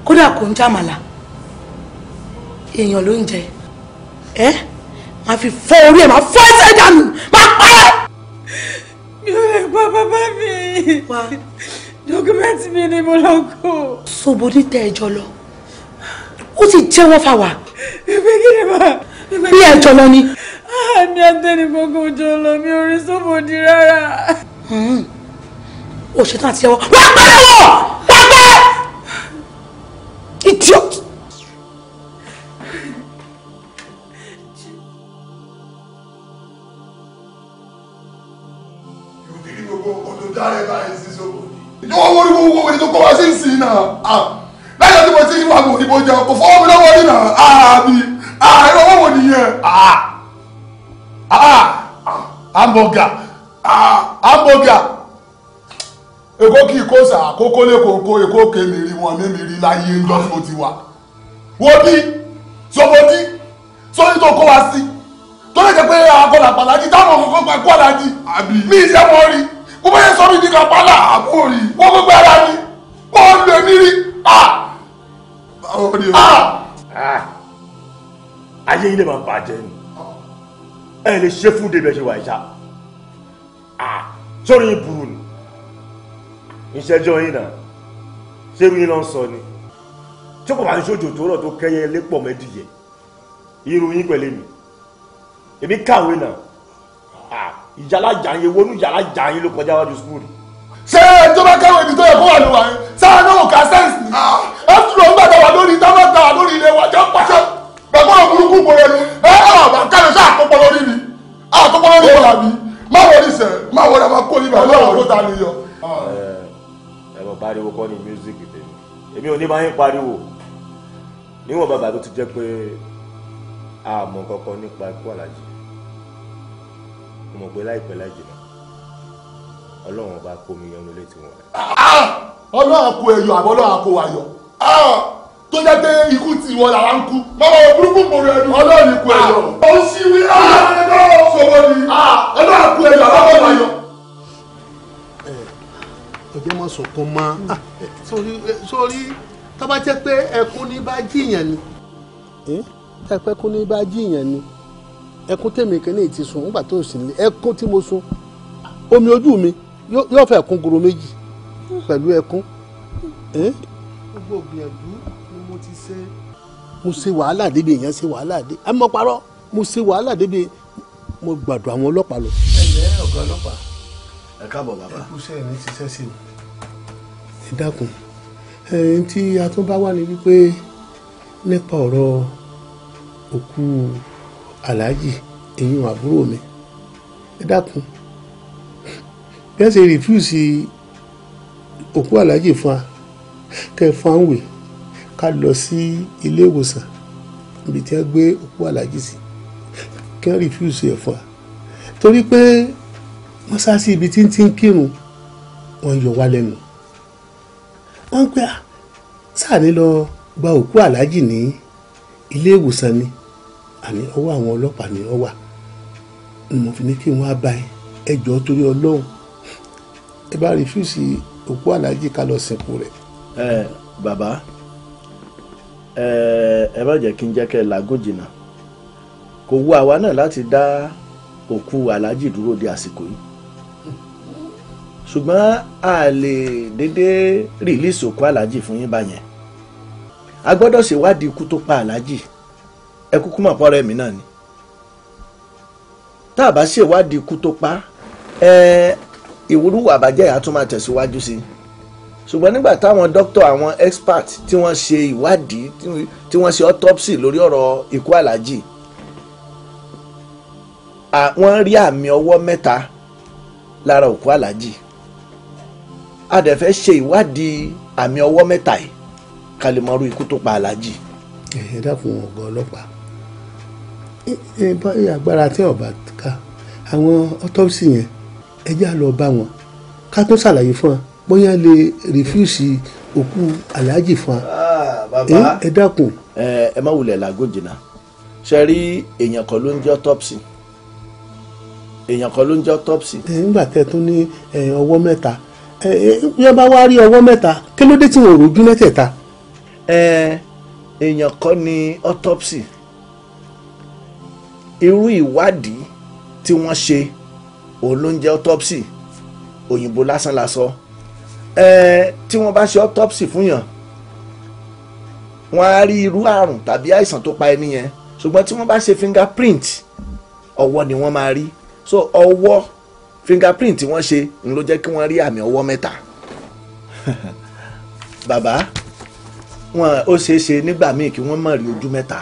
kódà kò ń jẹ àmàlà èèyàn ló ń jẹ ẹ máa fi fọ́ orí ẹ máa fọ́ ẹsẹ̀ dànù máa pa ẹ. mi ò lè dọ́kúmẹ́ǹtì mi ni mo lọ kó. sobodi tẹ ẹjọ́ lọ ó ti jẹ́wọ́ fà wá. ìgbé kí ni mà. bí ẹjọ́ lọ ni. àmì àtẹnì gbogbo òjò lọ mi ò rí sobodi rárá. ó hmm. ṣetán àti ẹwọ wá pẹ́ lọ́wọ́ wá pẹ́. idiot. dáre báyìí sí ìjọba wo ni mo wo èyí tó kọ́ wá sí ìsìn náà lẹ́yìn tí mo ti wà mo ìbò jẹun kò fọwọ́ mi lọ́wọ́ yìí náà àbí àìrọ̀ owó wò nìyẹn. hamburger hamburger èkó kì í kó sà kókó lẹ́kọ̀ọ́ kó èkó kè mí rí wọn mímí rí láyé ńlọ tí mo ti wà wo bí sọmọdí sórí tó kó wá sí tó lè jẹ́ pé akọlàpàlà jí táwọn kọ̀ọ̀kan pa kó àlàjì mi ìṣẹ́ wọn rí wọ́n bẹ́ẹ̀ sọ mí di kàpálà àbórí wọ́n gbogbo ara ni wọ́n lè nírí à. ayé ilé máa bàjẹ́ ni ẹ lè ṣe fún débi ẹ ṣe wà ìṣá sórí ìbùrù ni ìṣẹ́jọ́ yìí náà ṣé irú yín ló ń sọ ni tí kò bá ń ṣojo tó rọ̀ tó kẹ́yẹ lépọ̀ mẹ́dìyẹ irú yín pẹ̀lẹ́ mi èmi kàwé náà ìjàlájà yẹn wọnú ìjàlájà yẹn ló kọjá wájú school. ṣé tó bá kẹ́wọ̀n ibi tó yẹ kó wà ló wà yẹn sáà náà ò ká sẹ́ǹsì ni after all gbàgbà wà lórí tábàtà wà lórí ilé wa jẹ́ pàṣẹ bàbá wọn burúkú bò rẹ nu ẹ àwọn àkàlẹ̀ sáà àkọ́pọ̀ lórí mi àkọ́pọ̀ lórí ìwà mi má wọlé sẹ má wọlé má kó níbà lọ́wọ́ ló ta ni yọ. ẹ mọ̀ pariwo kọ́ ni music tèmi èmi ò ní máa ń pariwo níwọ̀n bàbá tó ti jẹ́ pé àmọ́ kankan nípa ikú àlàjì mo mọ̀ pé láìpẹ́ láì jìnnà ọlọ́run ọba kó mi yanu létí wọn. ọlọ́run kó ẹyọ àbọ̀ ọlọ́run kó ayọ̀ tó jẹ́ pé ikú tí wọn làwa ń kú. bàbá burúkú mòrò ẹnu. ọlọ́run kó ẹyọ. Ah, ó sì wí ah, ah, ọlọ́run sọ̀rọ̀ ni ọlọ́run kó ẹyọ àbọ̀ ọlọ́run ayọ̀. ọjọ́ mọ̀ sọ̀kan mọ́ sórí tó bá jẹ́ pé ẹkún ní bá jiyàn ni ẹ̀pẹ́kún ní bá jiyàn ni ẹkún tèmi kan ní ti sun nígbà tó sì lé ẹkún tí mo sun omi ojú mi yóò fẹ́ kún goro méjì pẹ̀lú ẹkún. gbogbo gbìyànjú ni mo ti ṣe. mo ṣe wàhálà débi èèyàn ṣe wàhálà dé ẹ mọ parọ́ mo ṣe wàhálà débi mo gbàdọ̀ àwọn ọlọ́pàá lọ. ẹ jẹ́ ọ̀gá ọlọ́pàá ẹ káàbọ̀ bàbá. ẹ kú sẹ́yìn ní ti sẹ́sì o. ẹ dákun ẹni tí a tún bá wà ní wípé nípa ọ̀rọ̀ òkú aláàjì ẹ̀yin àbúrò mi ẹ dákun bí wọ́n ṣe rìfúùsì òkú aláàjì fún wa kẹ́ ẹ fún wa ń wè ká lọ sí ilé ìwòsàn ibi tí wọ́n gbé òkú aláàjì sí kí wọ́n rìfúùsì ẹ̀ fún wa torí pé wọ́n sá sí ibi tí ń ti ń kírun wọ́n yọ wá lẹ́nu wọ́n ń pẹ́ sáà ní lọ gba òkú aláàjì ní ilé ìwòsàn ni. Lo, àní ọwọ́ àwọn ọlọ́pàá ni ọ wà ni mo fi ní kí n wá bá ẹ ẹjọ́ torí ọlọ́run ẹ bá rìfúsì òkú aláàjì ká lọ sìnkú rẹ̀. ẹ bàbá ẹ ẹ má jẹ́ kí n jẹ́ kẹ́ ẹ làágùn jìnnà kò wú àwa náà láti dá òkú aláàjì dúró di àsìkò yìí ṣùgbọ́n a lè dédé rìlíìsì òkú aláàjì fún yín báyẹn a gbọ́dọ̀ ṣèwádìí ikú tó pa aláàjì ẹ kúkú mọ̀ pọ́nrẹ́ mi náà ni tá a bá ṣèwádìí ikú tó pa ẹ ìwúrúwà àbájẹ́ yà máa tẹ̀síwájú sí ṣùgbọ́n nígbà táwọn dókítà àwọn expert tí wọ́n ṣe ìwádìí tí wọ́n ṣe autopsy lórí ọ̀rọ̀ ikú aláàjì wọ́n rí àmì ọwọ́ mẹ́ta lára òkú aláàjì a dẹ̀ fẹ́ ṣe ìwádìí àmì ọwọ́ mẹ́ta yìí ká lè mọ ikú tó pa aláàjì. ẹ dákun ọgá ọlọ́pàá agbára tí ọba ká àwọn autopsy yẹn ẹ já lọ bá wọn ká tún ṣàlàyé fún wa bóyá lè rìfúùsì òkú aláàjì fún wa ah, ẹ dákun. ẹ má wulẹ̀ làágùn ṣe rí èèyàn kan ló ń jẹ́ autopsy èèyàn kan ló ń jẹ́ autopsy. nígbà tẹ́ tún ní ọwọ́ mẹ́ta bá wá rí ọwọ́ mẹ́ta kí ló dé tí irú ìwádìí tí wọ́n ṣe òun ló ń jẹ́ autopsy òyìnbó lásán la sọ ẹ̀ẹ́ tí wọ́n bá ṣe autopsy fún yàn wọ́n á rí irú àrùn tàbí àìsàn tó pa ẹni yẹn ṣùgbọ́n tí wọ́n bá ṣe fingerprint ọwọ́ ni wọ́n máa rí so ọwọ́ fingerprint tí wọ́n ṣe ń ló jẹ́ kí wọ́n rí àmì ọwọ́ mẹ́ta bàbá wọn ó ṣeé ṣe nígbà míì kí wọ́n má rí ojú mẹ́ta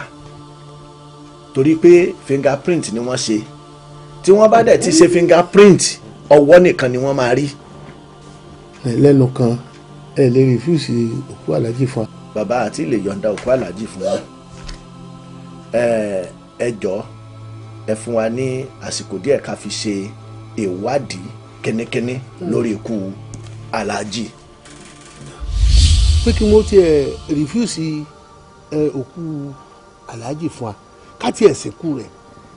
torí pé fingerprint ni wọ́n ṣe tí wọ́n bá dẹ̀ ti ṣe fingerprint ọwọ́ nìkan ni wọ́n máa rí. lẹ́nu kan ẹ lè rìfúùsì òkú aláàjì fún wa. bàbá àti ilé yọ̀ǹda òkú aláàjì fún wa ẹ jọ ẹ fún wa ní àsìkò díẹ̀ ká fi ṣe ìwádìí kínníkínní lórí ikú aláàjì. pé kí wọ́n tiẹ̀ rìfúùsì òkú aláàjì fún wa káti ẹ̀ sìnkú rẹ̀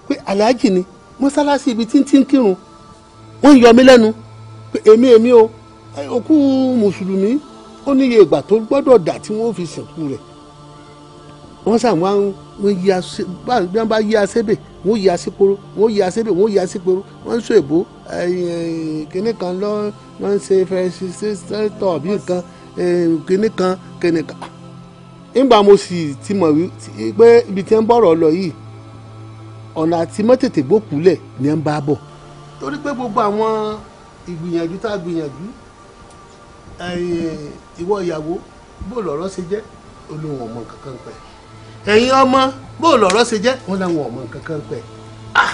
pé aláàjì ni mọ́sálásí ibi tí ń ti ń kírun wọ́n ń yọ mí lẹ́nu pé èmi èmi o òkú mùsùlùmí ó níye ìgbà tó gbọ́dọ̀ dà tí wọ́n fi sìnkú rẹ̀ wọ́n sàn wá wọ́n yí asé bí wọ́n bá yí asébè wọ́n yí asékoro wọ́n yí asébè wọ́n yí asékoro wọ́n ń so èbó kínní kan lọ́ wọ́n ń ṣe fẹ́ẹ́ ṣe ṣe tọ̀ bí nǹkan kínní kan kínní kan nígbà mo sì ti mọ̀ pé ibi tí ń bọ̀rọ̀ lọ yìí ọ̀nà àti mọ́tètè gbókùúlẹ̀ ni ń bá bọ̀ torí pé gbogbo àwọn ìgbìyànjú tá a gbìyànjú ìwọ ìyàwó bó lọ̀rọ̀ ṣe jẹ́ olóhùn ọmọ kankan pẹ̀ ẹ̀yin ọmọ bó lọ̀rọ̀ ṣe jẹ́ wọn làwọn ọmọ kankan pẹ̀ ah!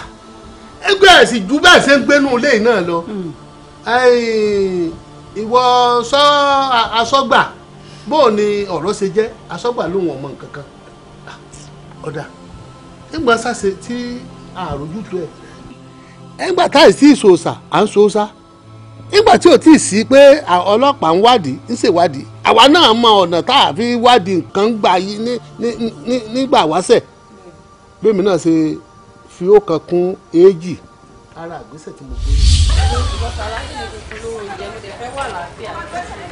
ẹgbẹ́ ẹ̀sìn ju bẹ́ẹ̀ ṣe ń gbénú ilé náà lọ hmm. ìwọ sọ asọ́gbà. So, bóò ni ọ̀rọ̀ ṣe jẹ́ asọ́gbà ọmọ nǹkan kan ọ̀dà nígbà tí àròjútu ẹ̀ ẹgbà táì sí ìṣòòṣà à ń ṣòòṣà nígbà tí ò tí ì sí pé ọlọ́pàá ń àwa náà mọ ọ̀nà tá a fi wádìí nǹkan gbà yí nígbà wáṣẹ̀ fi ó kan kún ara tí mo gbé. ọ̀rọ̀ ni kúkú fẹ́ wà láàfin àti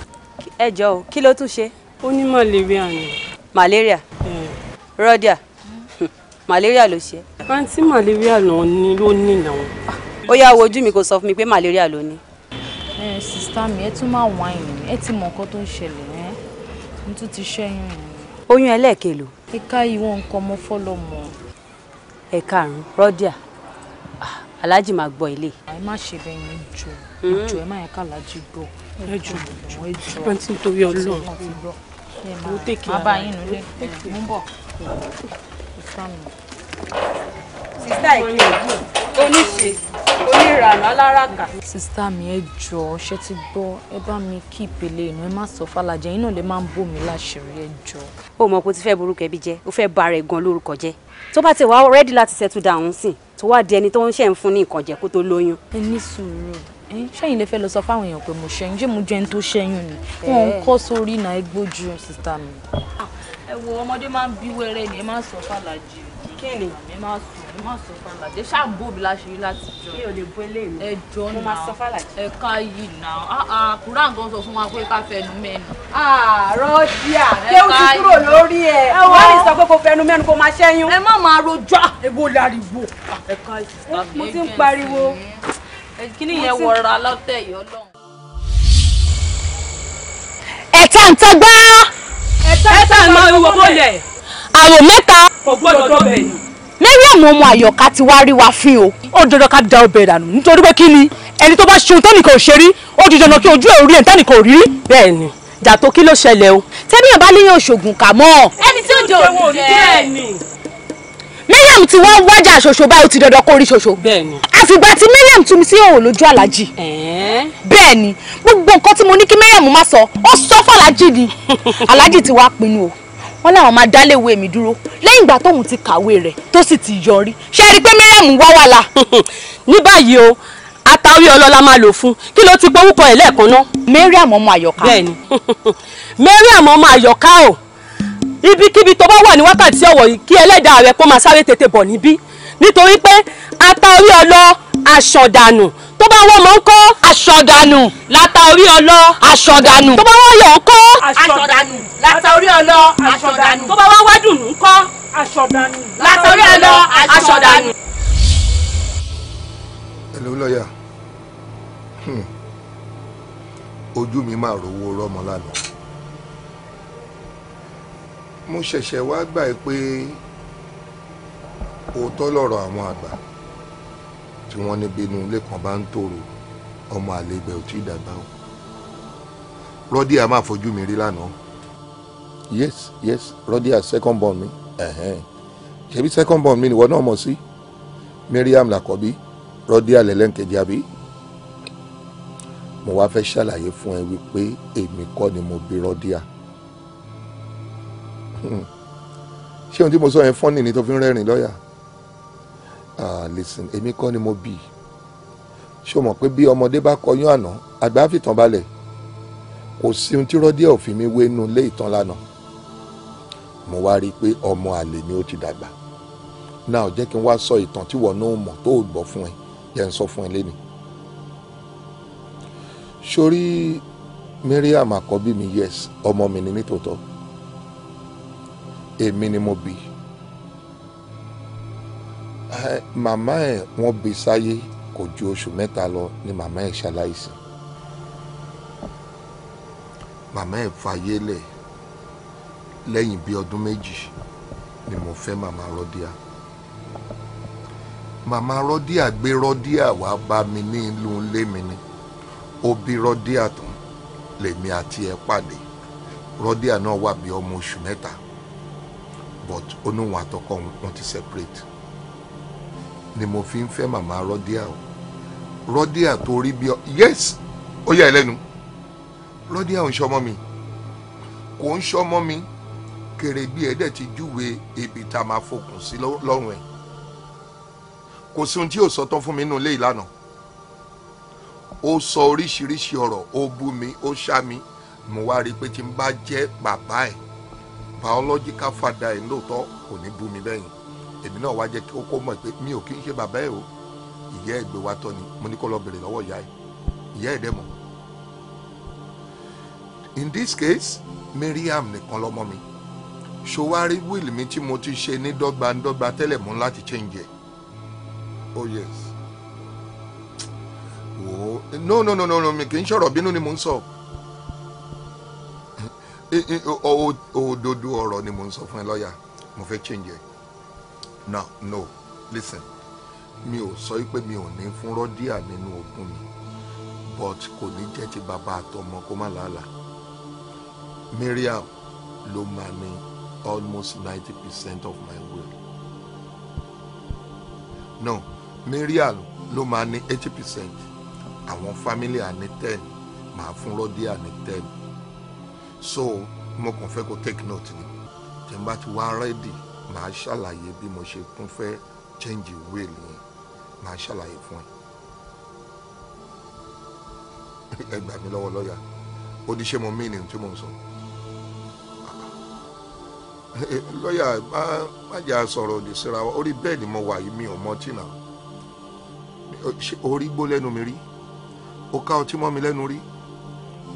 ẹ jọ o kí ló tún ṣe. ó ní malaria ni. malaria rọdíà malaria ló ṣe. àǹtí malaria ló ní ló ní ìnáwó. ó yá wojú mi kó sọ fún mi pé malaria ló ní. ẹ sista mi ẹ tún máa wá ìrìn ẹ ti mọ nǹkan tó ń ṣẹlẹ̀ ẹ mo tún ti ṣẹ́yìn rìn. oyún ẹlẹ́ẹ̀kẹlò. ẹ̀ka ìwọ̀n nǹkan mo fọ́ lọ mọ́. ẹ̀ka àrùn rọdíà ah, aláàjì máa gbọ́ ilé. ẹ má ṣe bẹ́ẹ̀ yẹn jù hmm. ẹ má yẹ ká aláàjì gbọ́ ẹ jù ṣùgbọ́n tí nítorí ọlọ́run mo tèkì ara rẹ mo ń bọ̀ sista ike oníṣe onírànà aláràkà. sista mi ẹ jọ̀ọ́ ṣe ti gbọ́ ẹ bá mi kí ìpele inú ẹ má sọ fàlàjẹ yín náà lè máa ń bò mí láṣìírí ẹ jọ̀ọ́. ó mọ̀ pé o ti fẹ́ burúkú ẹbí jẹ́ o fẹ́ ba ara ẹ̀ gan lórúkọ jẹ́ tó bá ti wá rẹ́dí láti settle down sí tó wá di ẹni tó ń ṣe ń fún ní nǹkan kó tó lóyún. ẹ ní sùúrù ṣẹ́yìn lè fẹ́ lọ sọ fáwọn èèyàn pé mo ṣẹ́yìn ṣé mo jẹ́ ẹni tó ṣẹ́yìn ni wọ́n ń kọ́ sórí náà ẹ gbójú sísá mi. ẹ wo ọmọdé máa ń bí wẹ́rẹ́ ni ẹ máa sọ fàlàjì kíni ẹ máa sọ ẹ máa sọ fàlàjì ṣáà bò mí láṣìírí láti jọ mi ò lè bọ́ ilé mi ẹ jọ náà mo máa sọ fàlàjì ẹ ká yìí náà kúrò àǹkan sọ fún wa pé ká fẹnu mẹ́nu. àárọ̀ díà kéwù ti kúrò lórí ẹ̀ wọ́n lè sọ pé kò fẹnu mẹ́nu kò máa ṣẹ́yún. ẹ má máa rojọ́. ewo lariwo. mo ti ń pariwo kíní yẹn wọra lọ́tẹ̀ yìí ọlọ́run. ẹ̀ta ń tagbá. ẹ̀ta ń máa wọ bọ́lẹ̀. àrò mẹ́ta. kò gbọ́dọ̀ dọ́bẹ̀ ni. Mariam ọmọ àyọ̀ká ti wá rí wa fín o ó dandan ká da ọbẹ̀ dànù nítorí pé kí ni ẹni tó bá ṣe tẹ́nìkan ò ṣe rí ó di dandan kí ojú ẹ̀ orí ẹ̀ tẹ́nìkan ò rí rí. bẹ́ẹ̀ jàtó kí ló ṣẹlẹ̀ o tẹ́bíyàn bá léyìn Mariam ti wá wájà ṣoṣo báyìí ó ti dandan kó rí ṣoṣo. bẹ́ẹ̀ni. àfìgbà tí Mariam tún mi sí òun lójú aláàjì. bẹ́ẹ̀ni gbogbo nǹkan tí mo ní kí Mariam má sọ ó sọ fàlájì ni aláàjì ti wá pinnu o wọn làwọn máa dálé ìwé mi dúró lẹ́yìn ìgbà tóun ti kàwé rẹ̀ tó sì ti yọrí ṣe rí i pé Mariam wá wà la. ní báyìí o àtàwé ọlọ́lá máa lò fún kí ló ti gbórúkọ ẹ̀ lẹ́ẹ̀kan náà. Mariam ọmọ àyọ̀ká. bẹ́ẹ̀ni Mariam ọmọ àyọ̀ká o ibikíbi tó bá wà ní wákàtí ọ̀wọ̀ yìí kí ẹlẹ́dàá rẹ kó máa sáré tètè bọ̀ níbí nítorí pé ata orí ọlọ aṣọ̀dànù tó bá wọ́n mọ̀ ń kọ́ aṣọ̀dànù láta orí ọlọ aṣọ̀dànù tó bá wọ́n yọ̀ ń kọ́ aṣọ̀dànù láta orí ọlọ aṣọ̀dànù tó bá wọ́n wádùn ń kọ́ aṣọ̀dànù láta orí ọlọ aṣọ̀dànù. hello lọ́yà hmm. ojú mi máa rówó rọ́mọ lánàá mo ṣẹ̀ṣẹ̀ wá gbà ẹ pé òótọ́ lọ̀rọ̀ àwọn àgbà tí wọ́n ní bínú ilé kan bá ń tòrò ọmọ àlebẹ̀ ò tí dàgbà o rọ́dí a máa fojú mi rí lánàá. yes yes rọ́dí a second born mi ṣebí second born mi nìwọ náà mọ̀ sí Miriam làkọ́bí rọ́dí a lẹ́lẹ́ǹkejì àbí mo wá fẹ́ ṣàlàyé fún ẹ wípé èmi kọ́ ni mo bí rọ́dí a. Hmm. ṣé ohun tí mo sọ yẹn fọ́nì ni tó fi ń rẹ́rìn lọ́yà listen èmi kọ́ ni mo bì í ṣé o mọ̀ pé bí ọmọdé bá kọyún àná àgbà fìtàn balẹ̀ kò sí ohun tí rọ́díẹ̀ òfin mi wé nu ilé ìtàn lánàá mo wá rí i pé ọmọ àlè ni ó ti dàgbà náà jẹ́ kí n wá sọ ìtàn tí wọ́n náà mọ̀ tó gbọ́ fún ẹ jẹ́ n sọ fún ẹ lẹ́nu. sórí Mariam àkọ́bí mi yes ọmọ mi ni nítòótọ́ èmi ni mo bí màmá ẹ̀ wọ́n bí sáyé kò ju oṣù mẹ́ta lọ ni màmá ẹ̀ ṣaláìsí màmá ẹ̀ fayé lẹ̀ lẹ́yìn bíi ọdún méjì ni mo fẹ́ màmá rọ́díà màmá rọ́díà gbé rọ́díà wá bá mi ní ìlú ilé mi ni ó bí rọ́díà tán lèmi àti ẹ̀ pàdé rọ́díà náà wà bí ọmọ oṣù mẹ́ta but onóhun àtọkọ wọn ti separate ni mo fi ń fẹ́ màmá rọ́díà o rọ́díà tó rí bí ọ yes ó yà ẹ lẹ́nu rọ́díà ò ń ṣọmọ mi kò ń ṣọmọ mi kèrè bí ẹ̀ dẹ̀ ti júwe ibi tá a máa fokùn sí lọ́rùn ẹ̀ kò sí ohun tí yóò sọ tán fún mi nínú ilé ìlànà ó sọ oríṣiríṣi ọ̀rọ̀ ó bú mi ó ṣá mi mo wá rí i pé tí n bá jẹ́ bàbá ẹ̀ biological father ẹ̀ lóòótọ́ kò ní bú mi lẹ́yìn èmi náà wá jẹ́ kí mọ̀ pé mi ò kí ń ṣe bàbá ẹ̀ o ìyá ẹ̀ gbé wa tọ́ ni mo ní kó lọ bèrè lọ́wọ́ ìyá ẹ̀ ìyá ẹ̀ dẹ̀ mọ̀ in this case Mariam nìkan lọ́mọ mi ṣòwárí will mi tí mo ti ṣe ní dọ́gbandọ́gba tẹ́lẹ̀ mú láti change ẹ̀ oh yes wò ó no no no no mi kì í ṣọ̀rọ̀ bínú ni mo ń sọ. So òdodo ọ̀rọ̀ ni mo ń sọ fún ẹ lọ́ọ̀yà mo fẹ́ change it. now no listen mi ò sọ pé mi ò ní fún rọ́díà nínú ogún mi but kò ní jẹ́ ti bàbá àtọmọ kó má làálàá Miriam ló máa ní almost ninety percent of my will no Miriam ló máa ní eighty percent àwọn family à ní ten màá fún rọ́díà ní ten so mo kàn fẹ́ kó take note ni tí n bá ti wá rẹ́dì màá ṣàlàyé bí mo ṣe kún fẹ́ change will yẹn màá ṣàlàyé fún ẹ ẹ gbà mí lọ́wọ́ lọ́yà ó ní ṣé mo mí ni tí mo ń sọ lọ́yà má jà sọ̀rọ̀ òdì síra wa orí bẹ́ẹ̀ ni mo wà yìí mi ò mọtí náà orí gbó lẹ́nu mi rí ó ká ọtí mọ́ mi lẹ́nu rí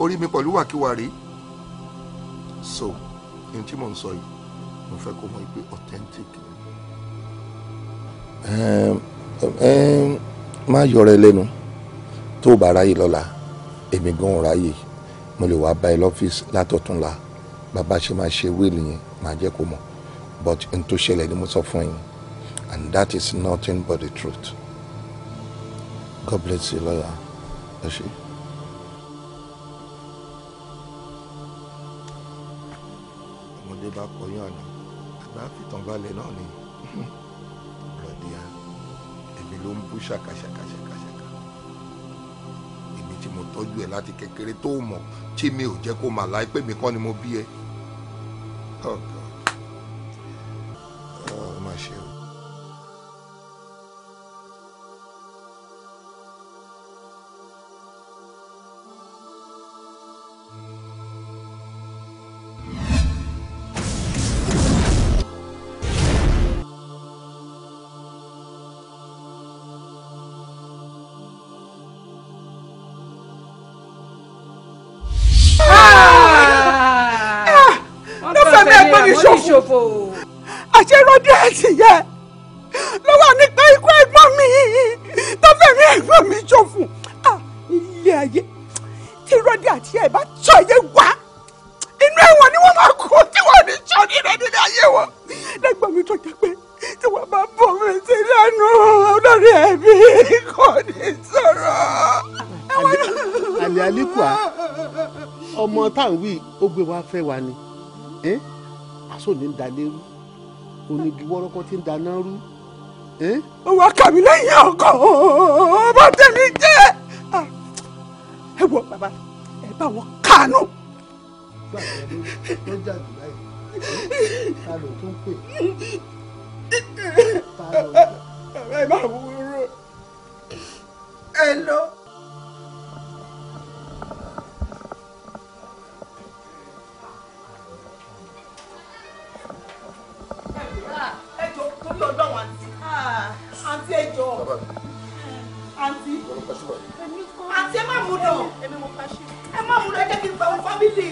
orí mi pẹ̀lú wàkíwà rí so n tí mò ń sọ yìí mo fẹ́ kó mọ̀ pé authentic ni. má yọrọ ẹ lẹ́nu tó o bá ráyè lọ́la èmi gan ò ráyè mo lè wá bá ẹ lọ́fíìsì látọ̀túnla bàbá ṣe máa ṣe wíìlì yẹn máa jẹ́ kó mọ̀ but n tó ṣẹlẹ̀ ni mo sọ fún yín and that is nothing but the truth. God bless you, lawyer. Ẹ ṣé. bá kọyán ni àgbà fìtàn balẹ̀ náà ni rọ̀díà èmi ló ń bú ṣàkàṣàkàṣàkàṣàkà èmi tí mo tọ́jú ẹ̀ láti kékeré tó mọ̀ tí mi ò jẹ́ kó mà láì mi kọ́ ni mo bí ẹ. Oh God. Oh, my shield. àṣerọ́dí ẹ̀sìn yẹ lọ́wọ́ nípa ikú ẹ̀gbọ́n mi tó fẹ̀mí ẹ̀gbọ́n mi ṣòfò ilé ayé tí rọ́dí àti ẹ̀ bá tọ́ ẹ̀yẹ wá inú ẹ̀wọ̀n ni wọ́n máa kó tí wọ́n ní sọ́ọ́dí rẹ̀ nílé ayé wọn lẹ́gbọ̀n mi tó jẹ́ pé tí wọ́n bá bọ̀ mí sí lẹ́nu lórí ẹ̀mí kò ní sọ̀rọ̀. àlè àlékùá ọmọ táwọn wí ó gbé wá fẹ́ wa ni aṣọ ò ní dalérú onígi wọ́rọ́kọ́ tí ń dáná rú. wọ́n kà mí lẹ́yìn ọkọ̀ ọba tẹ̀mí jẹ́ ẹ wọ bàbá ẹ bá wọn kánú. ẹ lọ. jọ. àǹtí àǹtí ẹ má mú dọ̀ ẹ má mú dọ̀ ẹ jẹ́ kí n gba àwọn fámìlì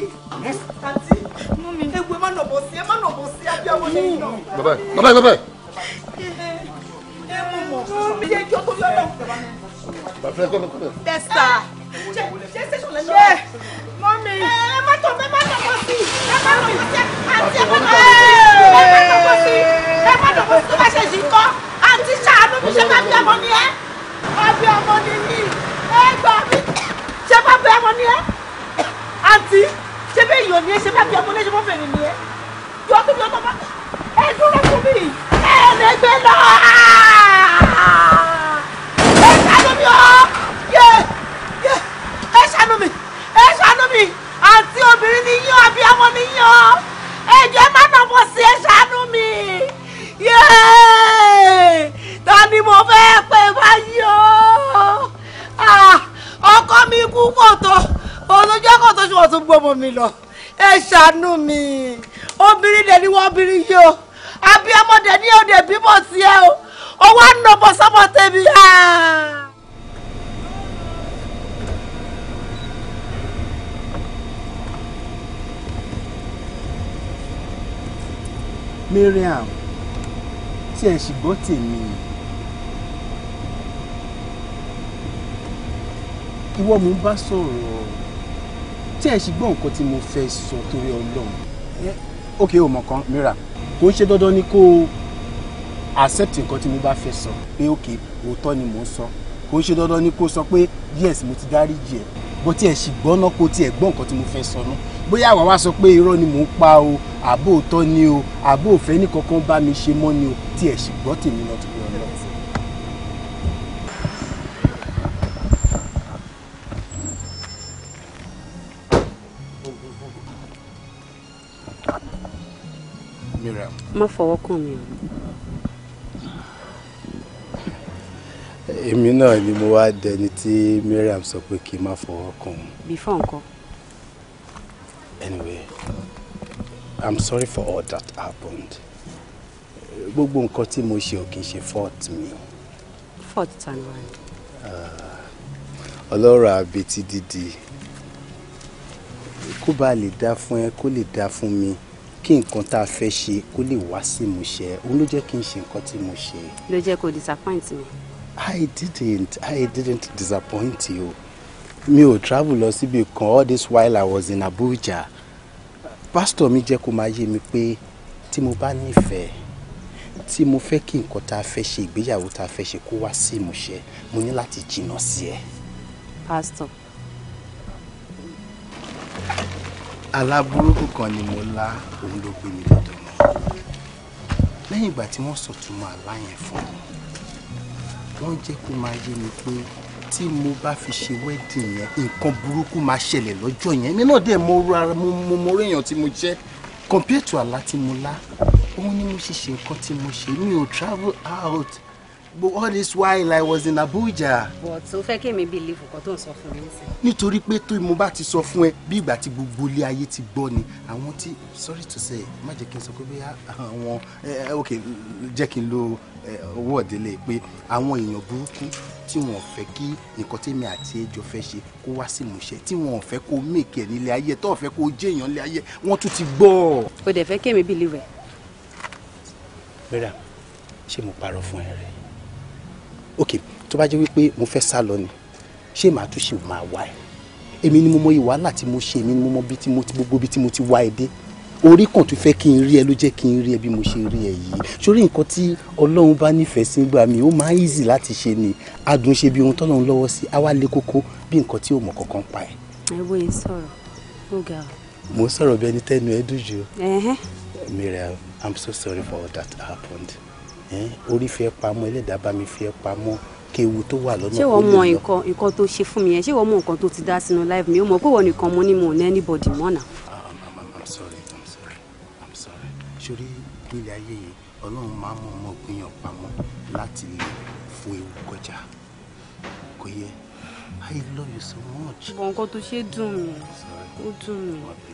àǹtí ewu ẹ má nà bọ̀ sí ẹ má nà bọ̀ sí abiyamọ lẹ́yìn náà. come bàbá bàbá. ẹ Come mọ̀ mi yẹ kí o tó yọ lọ. bàbá kọ́ mi kọ́ mi. testa ṣe ṣe ṣe ṣe mọ́mí. ẹ má tọ̀ bẹ́ẹ̀ má nà bọ̀ sí ẹ má nà bọ̀ sí àǹtí ẹ má nà bọ̀ sí ẹ má nà bọ̀ sí tó bá ṣe yìí kọ́ ṣé bá bí ọmọ ni ẹ́ ọbẹ̀ ọmọ ni mí ẹ gbà mí ṣé bá bí ọmọ ni ẹ́ àǹtí ṣé bẹ́ẹ̀ yọ̀ ni ẹ́ ṣé bá bí ọmọ ni ẹ́ ṣé bá fèrè ni ẹ́ yọ tó bí ọmọ bá ẹ dúró fún mi ẹ lè gbé lọ ẹ ṣàánú mi ọ yẹ yẹ ẹ ṣàánú mi ẹ ṣàánú mi àǹtí obìnrin ni yín ọbẹ̀ ọmọ ni yín ọ ẹ jẹ́ má ta ni mo fẹ́ pè báyìí o ah, ọkọ mi kú kòtò olójú ọkọ tó ṣe wọ́n tún gbọmọ mi lọ ẹ ṣàánú mi obìnrin dẹ̀ ni wọ́n obìnrin yìí o abiyamọ dẹ̀ ni òde bímọ sí ẹ o owó ànàbọ sọmọ tèmi. Mariam tí ẹ ṣì gbọ́ tèmi ìwọ mo ń bá sọ̀rọ̀ tí ẹ̀ sì gbọ́ nǹkan tí mo fẹ́ sọ torí ọlọ́run. ok o mọ̀ kan mìíràn kò ń ṣe dandan ni kó o accept nǹkan tí mo bá fẹ́ sọ pé ókè òótọ́ ni mò ń sọ kò ń ṣe dandan ni kó o sọ pé yes mo ti dáríjì ẹ̀ bó tiẹ̀ sì gbọ́ náà kó tiẹ̀ gbọ́ nǹkan tí mo fẹ́ sọ náà bóyá àwa wá sọ pé irọ́ ni mò ń pa o àbó òótọ́ ni o àbó òfẹ́ nìkankan bá mi ṣe mọ́ ni o tiẹ̀ sì gbọ́ tèmi náà má fọwọ́ kàn mí o. èmi náà ni mo wá dẹni tí Mariam sọ pé kí n má fọwọ́ kàn òun. before nǹkan. anyway i'm sorry for all that happened gbogbo nǹkan tí mo ṣe ò kì í ṣe fault mi. fault ta ni wàá. Ah, àbí ti dídì kó bá lè dá fún ẹ kó lè dá fún mi kí nǹkan tá a fẹ́ ṣe kó lè wá sí mo ṣe òun ló jẹ́ kí n ṣe nǹkan tí mo ṣe. ló jẹ́ kó disappoint mi. i didn't i didn't disappoint you mi ò travel lọ síbi kan all this while i was in Abuja pastor mi jẹ́ kó máa yé mi pé tí mo bá nífẹ̀ẹ́ tí mo fẹ́ kí nǹkan tá a fẹ́ ṣe ìgbéyàwó tá a fẹ́ ṣe kó wá sí mo ṣe mo ní láti jìnnà sí ẹ. pastor aláburúkú kan ni mo lá òun ló gbé mi lọ́dọ̀ mọ́ lẹ́yìn ìgbà tí wọ́n sọ̀túnmọ́ àlá fún mi wọ́n jẹ́ kó máa yé mi pé tí mo bá fi ṣe wedding yẹn nǹkan burúkú máa ṣẹlẹ̀ lọ́jọ́ yẹn èmi náà dẹ̀ mo ra mo mo réèyàn tí mo jẹ́ compared àlá tí mo lá òun ni mo ṣe ṣe nǹkan tí mo ṣe mi ò travel out but all this while I was in Abuja. but o fẹ́ kémi believe nǹkan tó ń sọ fún mi nísìn. nítorí pé tó mo bá ti sọ fún ẹ bí ìgbà tí gbogbo ilé ayé ti gbọ́ ni àwọn tí sorry to say má jẹ́ kí n sọ pé bóyá àwọn eh, ok jẹ́ kí n lo eh, owó ọ̀dẹ́lẹ̀ pé àwọn èèyàn burúkú tí wọn fẹ́ kí nǹkan tèmi àti ẹjọ́ fẹ́ ṣe kó wá sí ìmúṣẹ tí wọn fẹ́ kó mèkì ẹ̀ nílé ayé tó fẹ́ kó jẹ́ èèyàn nílé ayé wọ́n tún ti gbọ́. o dẹ̀ fẹ́ kémi believe ẹ. rẹ́rà ṣé mo parọ́ fún ẹ rẹ̀ ok tó bá jẹ́ wípé mo fẹ́ sá lọ ni ṣé màá tún ṣì máa wá ẹ èmi ni mo mọ ìwà láti mo ṣe èmi ni mo mọ bí tí mo ti gbogbo bí tí mo ti wá ẹ dé orí kan tó fẹ́ kí n rí ẹ ló jẹ́ kí n rí ẹ bí mo ṣe rí ẹ yìí sórí nǹkan tí ọlọ́run bá nífẹ̀ẹ́ sí gbà mí ó máa easy láti ṣe ni adùn ṣe bí ohun tọ́lọ́run lọ́wọ́ sí á wá lé kókó bí nǹkan tí ò mọ̀ kankan pa ẹ̀. ẹ wo yìí sọ̀rọ̀ mo ga o. mo sọ̀rọ̀ bí ẹni ẹ dùn jù. Miriam, I'm so sorry for all that happened orí fi ẹ pamọ́ ẹlẹ́dàá bá mi fi ẹ pamọ́ kéwu tó wà lọ́nà ṣé wọ́n mọ nǹkan nǹkan tó ṣe fún mi yẹn ṣé wọ́n mọ nǹkan tó ti dá sínú life mi ó mọ̀ pé wọ́n nìkan mo ní mo ní anybody mọ́ náà. sórí nílé ayé yìí ọlọ́run máa ń mọ ọmọ ògbìyàn pamọ́ láti lè fo ewu kọjá kò yẹ I love you so much. bọ̀ nǹkan tó ṣe dùn mí ó dùn mí.